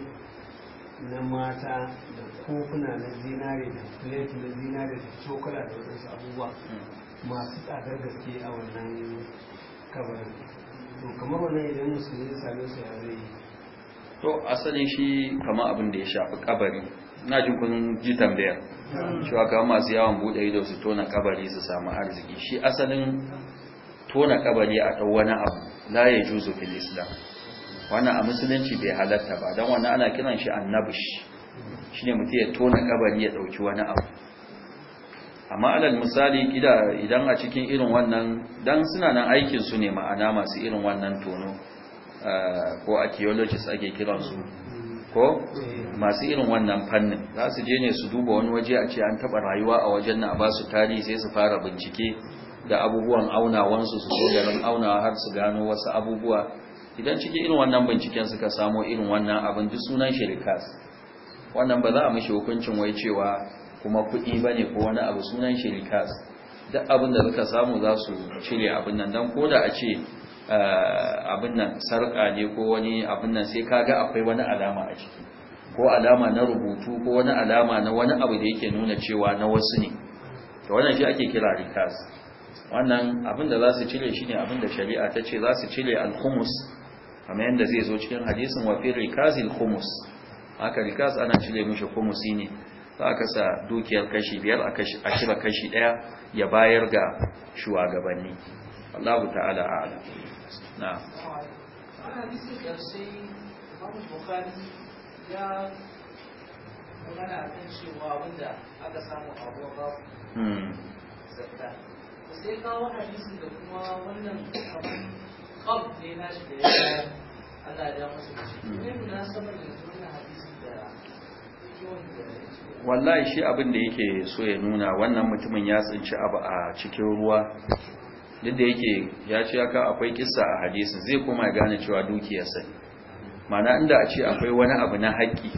na mata da kofuna na zinare da plate na zinare da cokala da wasu abubuwa hmm. masu tsadar gaske a wannan kabarin to asalin shi kama abin da ya shafi kabari na jin kun ji tambayar cewa kamar masu yawon bude ido su tona kabari su samu arziki shi asalin tona kabari a ɗau wani abu la ya juzu fil islam wani a musulunci bai halatta ba don wani ana kiran shi annabish shi ne mutu ya tona kabari ya ɗauki wani abu amma alal misali kida idan a cikin irin wannan dan suna nan aikin su ne ma'ana masu irin wannan tono eh, ko archaeologists ake kiransu ko masu irin wannan fannin za su je ne su duba wani waje a ce an taba rayuwa a wajen na ba su tarihi sai su fara bincike da abubuwan wansu su so garin aunawa har su gano wasu abubuwa idan cikin irin wannan binciken suka samo irin wannan abin duk sunan shirikas wannan ba za a mishi hukuncin wai cewa kuma kuɗi ba ne ko wani abu sunan shi rikas duk abin da suka samu za su cire abin nan don koda a ce eh, abin nan sarƙa ne ko wani abin nan sai kaga akwai wani alama a ciki ko alama na rubutu ko wani alama na wani abu da yake nuna cewa na wasu ne to wannan shi ake kira rikas wannan abin da za su cire shi ne abin da shari'a ta ce za su cire alhumus kamar yadda zai zo cikin hadisin wa fi rikazil humus haka rikas ana cire mishi humusi ne za ka sa dukiyar kashi biyar a cire kashi ɗaya ya bayar ga shugabanni Allahu ta'ala a'ala na a kan sai kawo hadisi da kuma wannan abin ne na shi da ya Allah ya masa ne munasabar da hadisi hmm. hmm. wallahi shi abin da yake so ya nuna wannan mutumin ya tsinci abu a cikin ruwa duk da yake ya ce ya ka akwai kissa a hadisi zai koma gane cewa dukiyarsa mana inda a ce akwai wani abu na haƙƙi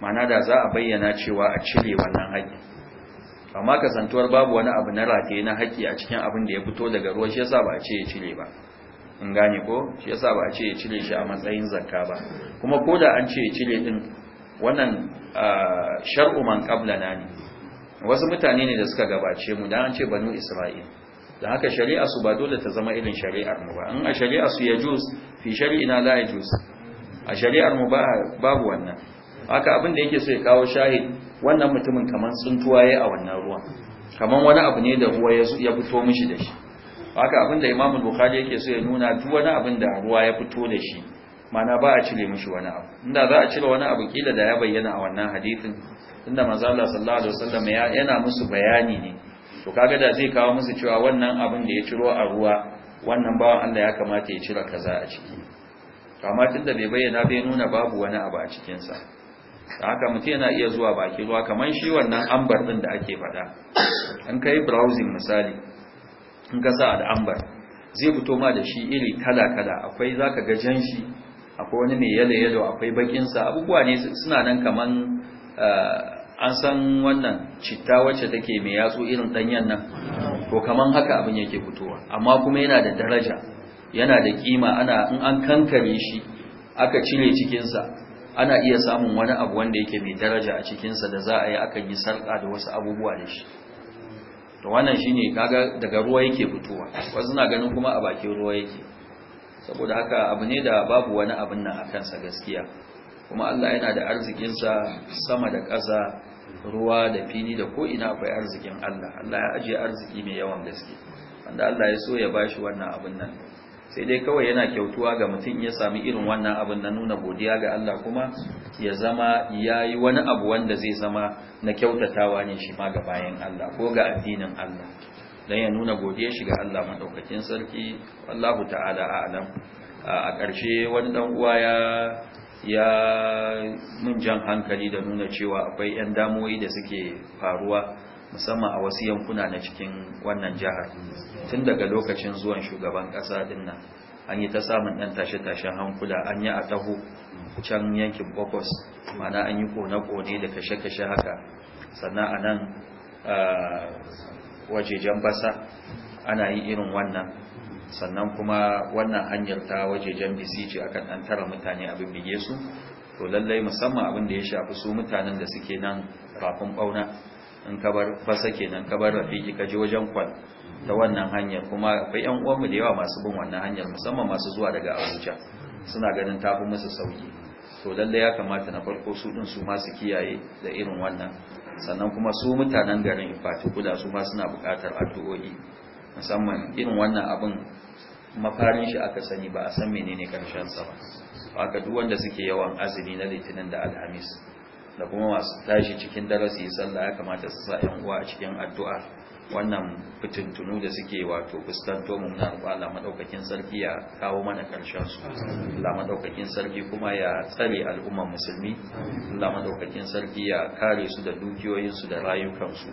mana da za a bayyana cewa a cire wannan haƙƙi amma kasantuwar babu wani abu na rataye na haƙƙi a cikin abin da ya fito daga ruwa shi yasa ba a ce ya cire ba in gane ko shi yasa ba a ce ya cire shi a matsayin zakka ba kuma ko da an ce ya cire din wannan shar'u man na ne wasu mutane ne da suka gabace mu da an ce banu isra'il dan haka shari'a su ba dole ta zama irin shari'ar mu ba in a shari'a su yajuz fi shari'ina la yajuz a shari'ar mu ba babu wannan haka abin da yake so ya kawo shahid wannan mutumin kaman tsuntuwa yayi a wannan ruwan kaman wani abu ne da ruwa ya fito mishi da shi haka abin da imamu Bukhari yake so ya nuna duk wani abin da ruwa ya fito da shi mana ba a cire mishi wani abu inda za a cire wani abu kila da ya bayyana a wannan hadithin inda manzo Allah sallallahu alaihi wasallam yana musu bayani ne to kaga da zai kawo musu cewa wannan abin da ya ciro a ruwa wannan bawan Allah ya kamata ya cire kaza a ciki amma tunda bai bayyana bai nuna babu wani abu a cikin sa haka mutum yana iya zuwa baki ruwa kamar shi wannan ambar din da ake faɗa in kai browsing misali in ka sa al'ambar zai fito ma da shi iri kala kala akwai zaka ga jan shi akwai wani mai yalo yalo akwai bakinsa abubuwa ne suna nan kaman eh, an san wannan citta wacce take mai yatsu irin danyen nan to kaman haka abin yake fitowa amma kuma yana da daraja yana da kima ana in an kankare shi aka cire cikinsa ana iya samun wani abu wanda yake mai daraja a cikinsa da za a yi aka yi sarƙa da wasu abubuwa da shi to wannan shine kaga daga ruwa yake fitowa wasu na ganin kuma a bakin ruwa yake saboda haka abu ne da babu wani abin nan a kansa gaskiya kuma Allah yana da arzikinsa sama da ƙasa ruwa da fini da ko ina akwai arzikin Allah Allah ya ajiye arziki mai yawan gaske wanda Allah ya so ya bashi wannan abin nan sai dai kawai yana kyautuwa ga mutum ya sami irin wannan abin na nuna godiya ga Allah kuma ya zama ya yi wani abu wanda zai zama na kyautatawa ne shi ma ga bayan Allah ko ga addinin Allah don ya nuna godiya shi ga Allah maɗaukakin sarki Allahu ta'ala a'lam a ƙarshe wani dan uwa ya ya mun jan hankali da nuna cewa akwai 'yan damoyi da suke faruwa musamman a wasu yankuna na cikin wannan jihar tun daga lokacin zuwan shugaban ƙasa din nan an yi ta samun ɗan tashe-tashen hankula an yi a taho can yankin bokos mana an yi kone-kone da kashe-kashe haka sannan a nan wajejen basa ana yi irin wannan sannan kuma wannan hanyar ta wajejen bisici akan dan tara mutane abin bige su to lallai musamman abin da ya shafi su mutanen da suke nan rafin bauna in ka bar fasa kenan ka bar rafiki ka je wajen kwan ta wannan hanyar kuma akwai yan mu da yawa masu bin wannan hanyar musamman masu zuwa daga Abuja suna ganin tafi musu sauki to lallai ya kamata na farko su din su ma su kiyaye da irin wannan sannan kuma su mutanen garin kuda su ma suna bukatar addu'o'i musamman irin wannan abin mafarin shi aka sani ba a san menene karshen sa ba haka duk wanda suke yawan azumi na litinin da alhamis da kuma masu tashi cikin darasi sallah ya kamata su sa yan uwa a cikin addu'a wannan fitintunu da suke wato fuskanto mu na Allah madaukakin sarki ya kawo mana karshen su Allah madaukakin sarki kuma ya tsare al'ummar musulmi Allah madaukakin sarki ya kare su da dukiyoyin su da rayukan su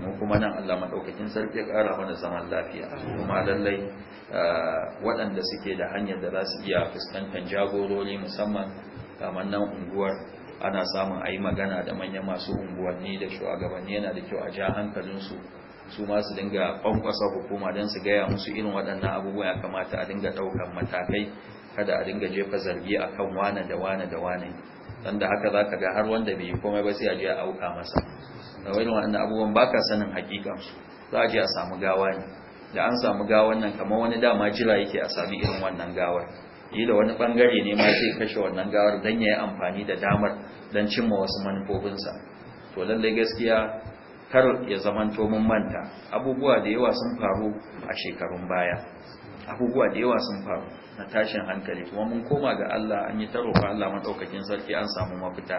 mu kuma nan Allah madaukakin sarki ya ƙara mana zaman lafiya kuma lallai ah, waɗanda suke da hanyar da za su iya fuskantar jagorori musamman kamar nan unguwar ana samun a yi magana da manyan masu unguwanni da shugabanni yana da kyau a ja hankalinsu su ma su dinga kwankwasa hukuma don su gaya musu irin waɗannan abubuwa ya kamata a dinga ɗaukan matakai kada a dinga jefa zargi a kan wane da wane da wane don da haka za ka ga har wanda bai yi komai ba sai a je a auka masa da wani waɗannan abubuwan ba ka sanin hakikansu za a je a samu gawa ne da an samu gawan nan kamar wani dama jira yake a sami irin wannan gawar da wani ɓangare ne ma sai kashe wannan gawar don ya yi amfani da damar don cimma wasu manufofinsa to lallai gaskiya kar ya zamanto mun manta abubuwa da yawa sun faru a shekarun baya abubuwa da yawa sun faru na tashin hankali kuma mun koma ga Allah an yi taro fa Allah madaukakin sarki an samu mafita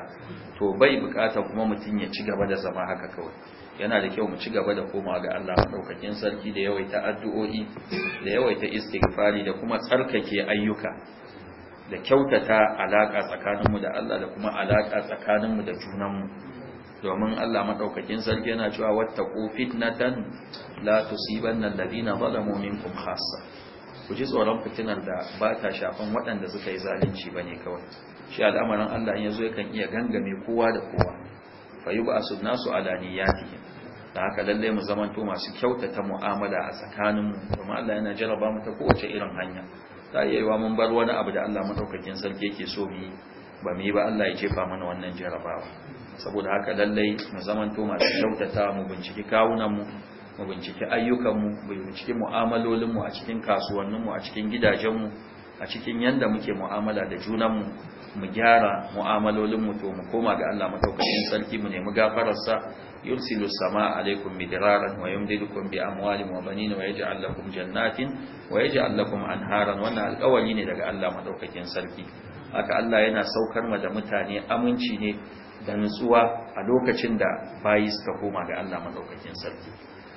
to bai bukata kuma mutun ya ci gaba da zama haka kawai yana da kyau mu ci gaba da komawa ga Allah madaukakin sarki da yawaita addu'o'i da yawaita istighfari da kuma tsarkake ayyuka da kyautata alaka tsakaninmu da Allah da kuma alaka tsakaninmu da junanmu domin Allah madaukakin sarki yana cewa wattaqu fitnatan la tusibanna alladhina zalamu minkum khassa ku ji tsoron fitinar da ba ta shafan waɗanda suka yi zalunci bane kawai shi al'amarin Allah in yazo yakan iya gangame kowa da kowa fayub'asu nasu alaniyatihim da haka lalle mu zamanto masu kyautata mu'amala a tsakanin mu domin Allah yana jaraba mu ta kowace irin hanya ta iya yiwa mun bar wani abu da Allah madaukakin sarki yake so mu ba mu yi ba Allah ya jefa mana wannan jarabawa saboda haka lallai mu zamanto masu kyautata mu binciki kawunanmu mu binciki ayyukanmu mu binciki mu'amalolinmu a cikin kasuwanninmu a cikin gidajenmu a cikin yanda muke mu'amala da junanmu mu gyara mu'amalolinmu to mu koma ga Allah mataukakin sarki mu nemi gafararsa yursilu samaa alaikum midraran wa yumdidukum bi amwalin wa banin wa yaj'al lakum jannatin wa yaj'al lakum anharan wannan alƙawari ne daga Allah mataukakin sarki haka Allah yana saukar ma da mutane aminci ne da nutsuwa a lokacin da bayi suka koma ga Allah madaukakin sarki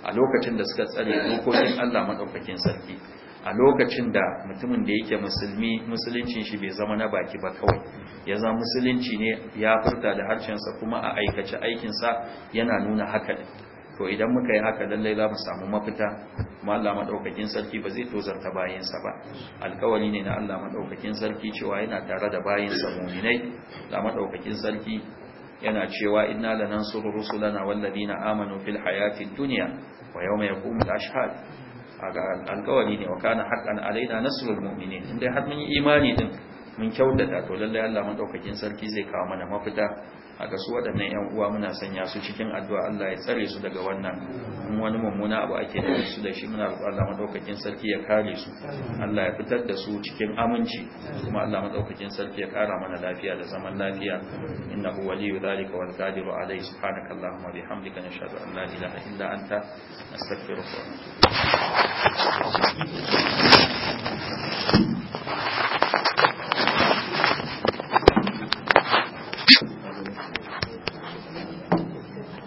a lokacin da suka tsare dokokin Allah madaukakin sarki a lokacin da mutumin da yake musulmi musuluncin shi bai zama na baki ba kawai ya zama musulunci ne ya furta da harshen sa, kuma a aikace aikin sa yana nuna haka to idan muka yi haka lallai za mu samu mafita kuma Allah madaukakin sarki ba zai tozarta sa ba alkawari ne na Allah madaukakin sarki cewa yana tare da bayin bayinsa muminai da madaukakin sarki yana cewa inna lanansuru rusulana na amanu fil hayatid dunya wa yawma yaqumul ashhad aga alƙawari ne wa kana haqqan alaina nasrul mu'minin indai har mun yi imani din mun kyautata to lallai Allah madaukakin sarki zai kawo mana mafita haka su waɗannan ‘yan uwa muna sanya su cikin addu'a Allah ya tsare su daga wannan in wani mummuna abu ake da su da shi muna roƙon Allah madaukakin sarki ya kare su Allah ya fitar da su cikin aminci kuma Allah madaukakin sarki ya kara mana lafiya da zaman lafiya Inna innahu waliyyu dhalika wal qadiru alayhi subhanaka allahumma bihamdika nashhadu an la ilaha illa anta astaghfiruka wa atubu